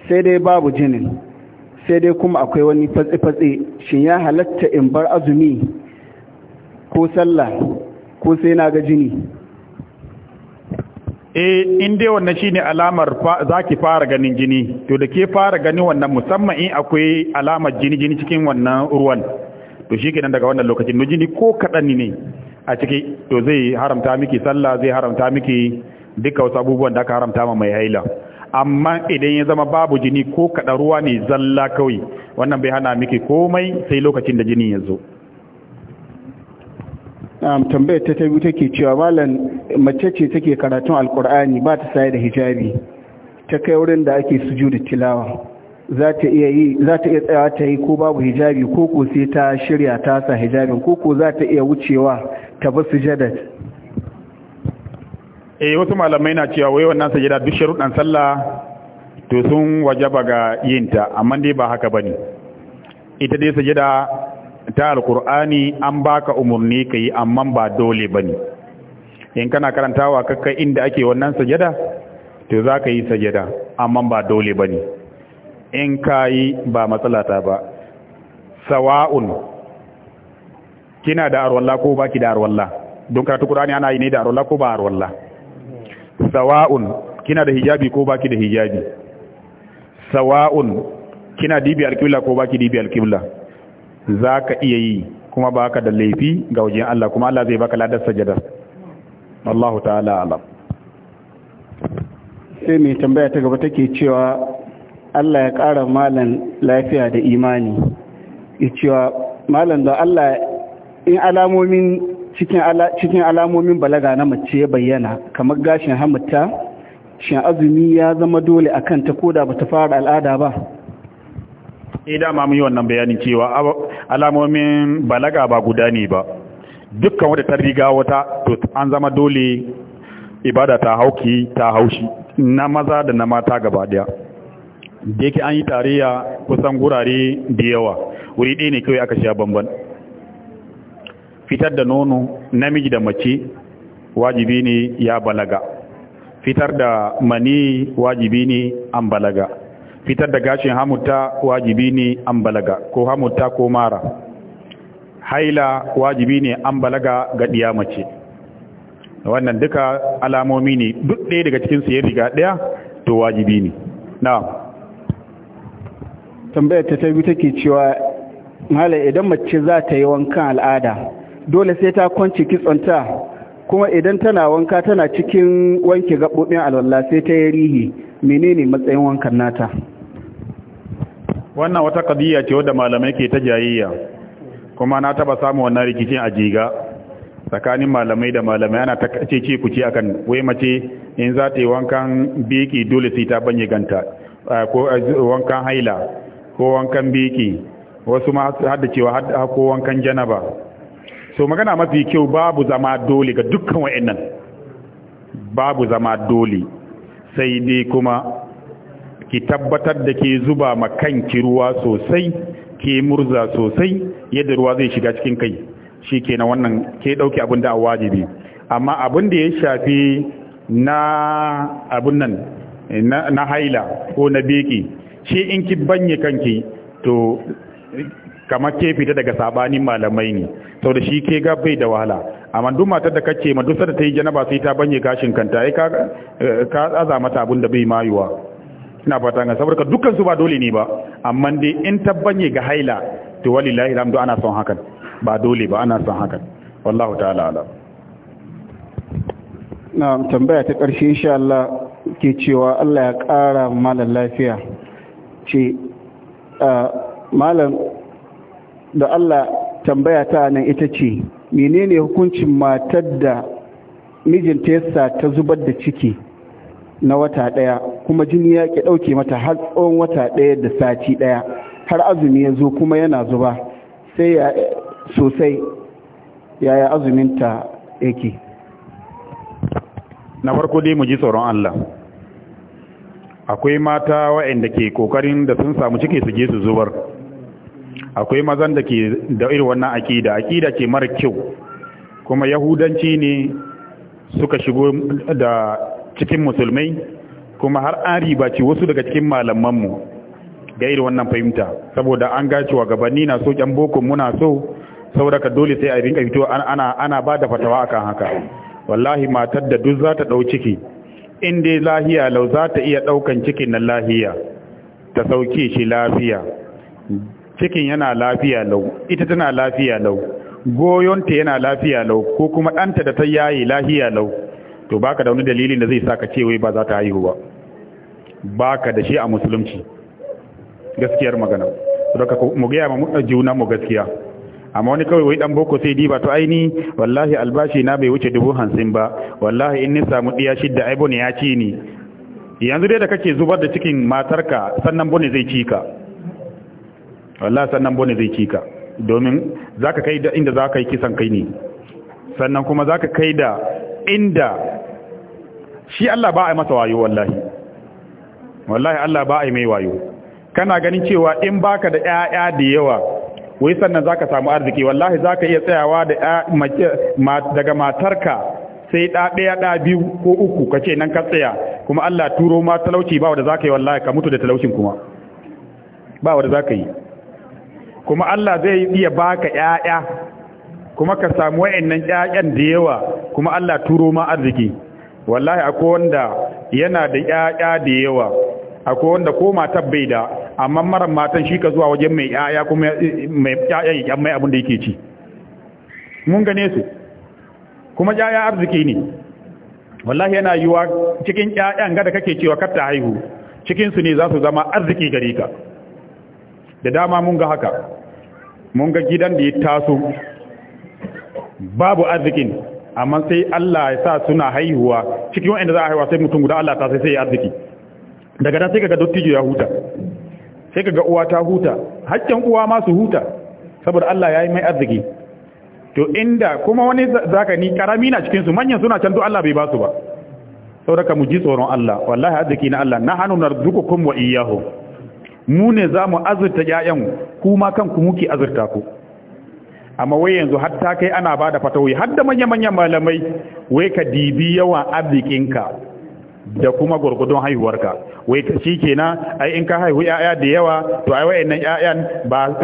sai dai babu jinin sai dai kuma akwai wani fatsi-fatsi shin ya halatta in bar azumi ko sallah ko sai na ga jini eh in dai wannan shine alamar zaki fara ganin jini to da ke fara ganin wannan musamman in akwai alamar jini jini cikin wannan ruwan to shi kenan daga wannan lokacin jini ko kaɗan ne a ciki to zai haramta miki sallah zai haramta miki duka wasu abubuwan da aka haramta ma mai haila amma idan ya zama babu jini ko kaɗa ruwa ne zalla kawai wannan bai hana miki komai sai lokacin da jini ya zo um, tambayar ta tabi take cewa malam mace ce take karatun alkur'ani ba ta saye da hijabi ta kai wurin da ake sujudu tilawa za ta iya yi ta tsayawa ta yi ko babu hijabi ko ko sai ta shirya ta sa hijabin ko ko za ta iya wucewa ta bi sujada eh wasu malamai na cewa wai wannan sujada duk sharuɗan sallah to sun wajaba ga yinta amma dai ba haka bane ita dai sujada ta alqur'ani an baka umurni kai amma ba dole bane in kana karantawa kakkai inda ake wannan sujada to za ka yi sajada amma ba dole ba in kayi ba matsalata ba sawa'un kina da arwalla ko baki da arwalla don karatu qur'ani ana yi ne da arwalla ko ba arwalla sawa'un kina da hijabi ko baki da hijabi sawa'un kina dibi alqibla ko baki dibi alqibla zaka iya yi kuma baka da laifi ga wajen Allah kuma Allah zai baka ladar sajada Allahu ta'ala alam sai mai tambaya ta gaba take cewa Allah ya ƙara malan lafiya da imani cewa malan da Allah in alamomin cikin alamomin balaga na mace ya bayyana kamar gashin Hamata shi azumi ya zama dole a kanta ko da ba fara al'ada ba e dama mun yi wannan bayanin cewa alamomin balaga ba guda ne ba dukkan wata ta riga wata to an zama dole ibada ta hauki ta haushi na maza da na mata gaba daya da yake an yi tarayya kusan gurare da yawa wuri ɗaya ne kawai aka sha bamban fitar da nono namiji da mace wajibi ne ya balaga fitar da mani wajibi ne an balaga fitar da gashin hamuta wajibi ne an balaga ko hamuta ko mara haila wajibi ne an balaga ga ɗiya mace wannan duka alamomi ne duk ɗaya daga cikin ya riga ɗaya to wajibi ne na'am tambayar ta biyu take cewa mala idan mace za ta yi wankan al'ada dole sai ta kwanci kitsonta kuma idan tana wanka tana cikin wanke gaɓoɓin alwala sai ta yi rihi menene matsayin wankan nata wannan wata kadiyya ce wadda malamai ke ta jayayya kuma na taba samun wannan rikicin a jiga tsakanin malamai da malamai ana ta ce ce ku ce akan wai mace in za ta yi wankan biki dole sai ta banye ganta eh, ko eh, wankan haila ko wankan biki wasu ma har cewa ko wankan janaba so magana mafi kyau babu zama dole ga dukkan wa'annan babu zama dole sai dai kuma ki tabbatar da ke zuba ma kanki ruwa sosai ke murza sosai yadda ruwa zai shiga cikin kai shi kenan wannan ke ɗauki abin da a wajibi amma abin da ya shafi na abin nan na haila ko na beki shi in ki banye kanki to kamar ke fita daga sabanin malamai ne sau da shi ke ga bai da wahala amma duk matar da kace ma dusar da ta yi janaba sai ta banye gashin kanta ai ka tsaza mata abin da bai mayuwa ina fata ga saboda dukkan su ba dole ne ba amma dai in ta banye ga haila to wallahi alhamdu ana son hakan ba dole ba ana son hakan wallahu ta'ala ala na tambaya ta ƙarshe insha Allah ke cewa Allah ya ƙara malam lafiya ce malam da Allah tambaya ta nan ita ce menene hukuncin matar da mijinta yasa ta zubar da ciki na wata daya kuma jini ya ke dauke mata har tsawon wata daya da sati daya har azumi ya zo kuma yana zuba sai ya sosai yaya azuminta yake na farko dai mu ji tsoron Allah akwai mata wa'anda ke kokarin da sun samu ciki su je su zubar akwai mazan da ke da irin wannan akida akida ce mara kyau kuma yahudanci ne suka shigo da cikin musulmai kuma har an ce wasu daga cikin malamanmu ga irin wannan fahimta saboda an gaci wa gabanni na so kyan boko muna so saboda ka dole sai a rinka fito ana ana ba da fatawa akan haka wallahi matar da duk za ta ɗau ciki in dai lahiya lau za ta iya ɗaukan cikin na lahiya ta sauke shi lafiya cikin yana lafiya lau ita tana lafiya lau goyonta yana lafiya lau ko kuma ɗanta da ta yayi lahiya lau to baka da wani dalilin da zai saka cewa ba za ta haihu ba baka da shi a musulunci gaskiyar magana saboda mu ga mu juna mu gaskiya amma wani kawai wai dan boko sai diba to aini wallahi albashi na bai wuce dubu hamsin ba wallahi in ni samu diya shidda ai bone ya ci ni yanzu dai da kake zubar da cikin matarka sannan bone zai ci ka wallahi sannan bone zai ci ka domin zaka kai da inda zaka yi kisan kai ne sannan kuma zaka kai da inda shi Allah ba a masa wayo wallahi wallahi Allah ba a mai wayo kana ganin cewa in baka da ƴaƴa da yawa wai sannan zaka samu arziki wallahi zaka iya tsayawa da daga matarka sai da daya da biyu ko uku kace nan ka tsaya kuma Allah turo ma talauci ba wanda zaka yi wallahi ka mutu da talaucin kuma ba wanda zaka yi kuma Allah zai iya baka ƴaƴa kuma ka samu wayannan ƴaƴan da yawa kuma Allah turo ma arziki wallahi akwai wanda yana da ƴaƴa da yawa akwai wanda ko matar bai da amma mara matan shi ka zuwa wajen mai yaya kuma mai yaya ya mai abin da yake ci mun gane su kuma yaya arziki ne wallahi yana yiwa cikin yayan ga da kake cewa kar ta haihu cikin su ne za su zama arziki gare ka da dama mun ga haka mun ga gidan da ya taso babu arzikin amma sai Allah ya sa suna haihuwa cikin wanda za a haihuwa sai mutum guda Allah ta sai sai arziki daga nan sai kaga dottijo ya huta sai ka ga uwa ta huta haƙƙin uwa ma su huta saboda Allah ya yi mai arziki to inda kuma wani zaka ni karami na cikin su manyan suna can Allah bai ba su ba saboda ka mu ji tsoron Allah wallahi arziki na Allah nahnu narzukukum wa iyyahum mu ne za mu azurta ku kuma kanku muke azurta ku amma wai yanzu hatta kai ana bada da fatawai har da manya-manyan malamai wai ka dibi yawan arzikinka da kuma gurgudun haihuwarka wai shi kenan ai in ka haihu ya'ya da yawa to ai wayannan ya'yan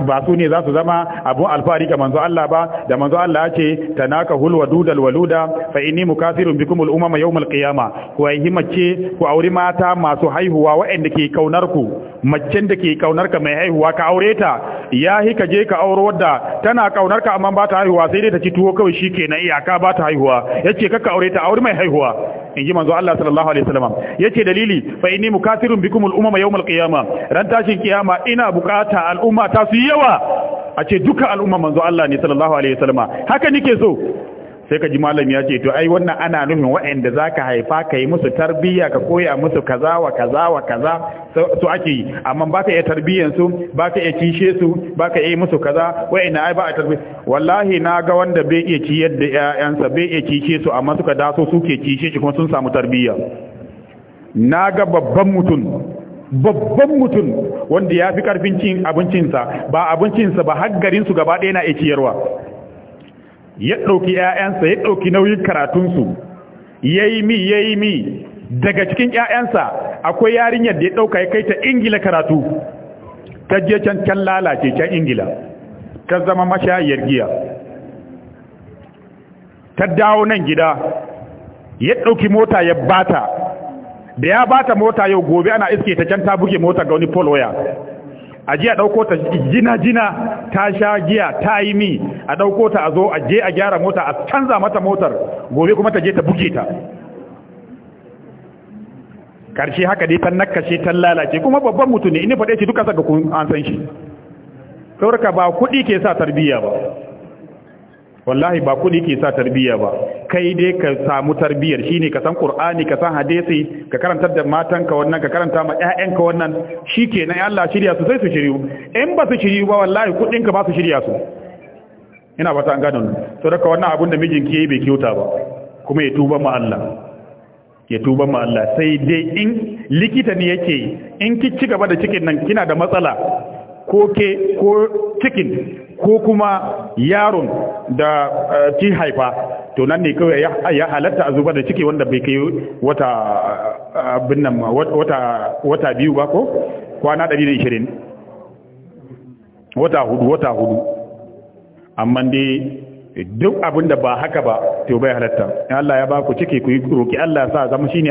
ba su ne za su zama abun alfahari ga manzo Allah ba da manzo Allah ya ce tanaka hul wadud al waluda fa inni mukathirun bikum al umama yawm al qiyama ku ai himace ku auri mata masu haihuwa wayanda ke kaunar ku macen da ke kaunarka mai haihuwa ka aure ta ya hi ka je ka auro wadda tana kaunar ka amma ba ta haihuwa sai dai ta ci tuwo kawai shi kenan iyaka ba ta haihuwa yace kakka aure ta aure mai haihuwa in ji manzo Allah sallallahu alaihi wasallam yace dalili fa inni mukathirun bikum al-umma yawm al-qiyamah ran tashin kiyama ina bukata al'umma ta su yawa a ce duka al'umma manzo Allah ne sallallahu alaihi wasallam haka nike so sai ka ji malam ya ce to ai wannan ana nufin waɗanda za ka haifa ka yi musu tarbiyya ka koya musu kaza wa kaza wa kaza su ake yi amma ba ka iya su ba ka iya kishe su ba ka iya musu kaza wa'anda ai ba a tarbiyya wallahi na ga wanda bai iya ciyar da ƴaƴansa bai iya kishe su amma suka daso suke kishe shi kuma sun samu tarbiyya na ga babban mutum babban mutum wanda ya fi karfin cin abincinsa ba abincinsa ba har garinsu gaba ɗaya na iya ciyarwa ya ɗauki ‘ya'yansa ya ɗauki nauyin karatunsu ya yi mi ya yi mi daga cikin ‘ya'yansa akwai yarinyar da ya ɗauka ya kai ta ingila karatu ta je can can lalace can ingila ta zama mashayar giya ta dawo nan gida ya ɗauki mota ya bata da ya bata mota yau gobe ana iske ta can ta buge mota ga wani ya a jiya a ɗauko ta jina-jina ta sha giya ta yi mi a ɗauko ta a zo a je a gyara mota a canza mata motar gobe kuma ta je ta buge ta karshe haka dai ta nakashe ta lalace kuma babban mutum ne ina faɗe shi duka saka kun an san shi sauraka ba kuɗi ke sa tarbiyya ba wallahi ba kudi ke sa tarbiyya ba kai dai ka samu tarbiyyar shine ka san qur'ani ka san hadisi ka karanta da matanka wannan ka karanta ma ƴaƴanka wannan shikenan Allah shirya su sai su shiryu in ba su shiryu ba wallahi kudin ka ba su shirya su ina ba ta an gano to daga wannan abun da mijinki yayi bai kyauta ba kuma ya tuba ma Allah ya tuba ma Allah sai dai in likita ne yake in ki ci gaba da cikin nan kina da matsala ko ke ko cikin ko kuma yaron da ti eh, haifa to nan ne kawai ya halatta a zuba da ciki wanda bai kai wata eh, abin nan wata wata biyu ba ko kwana 120 wata hudu wata hudu amma dai duk abin da ba haka ba to bai halatta Allah ya ba ku ciki ku yi roki Allah ya sa zama shine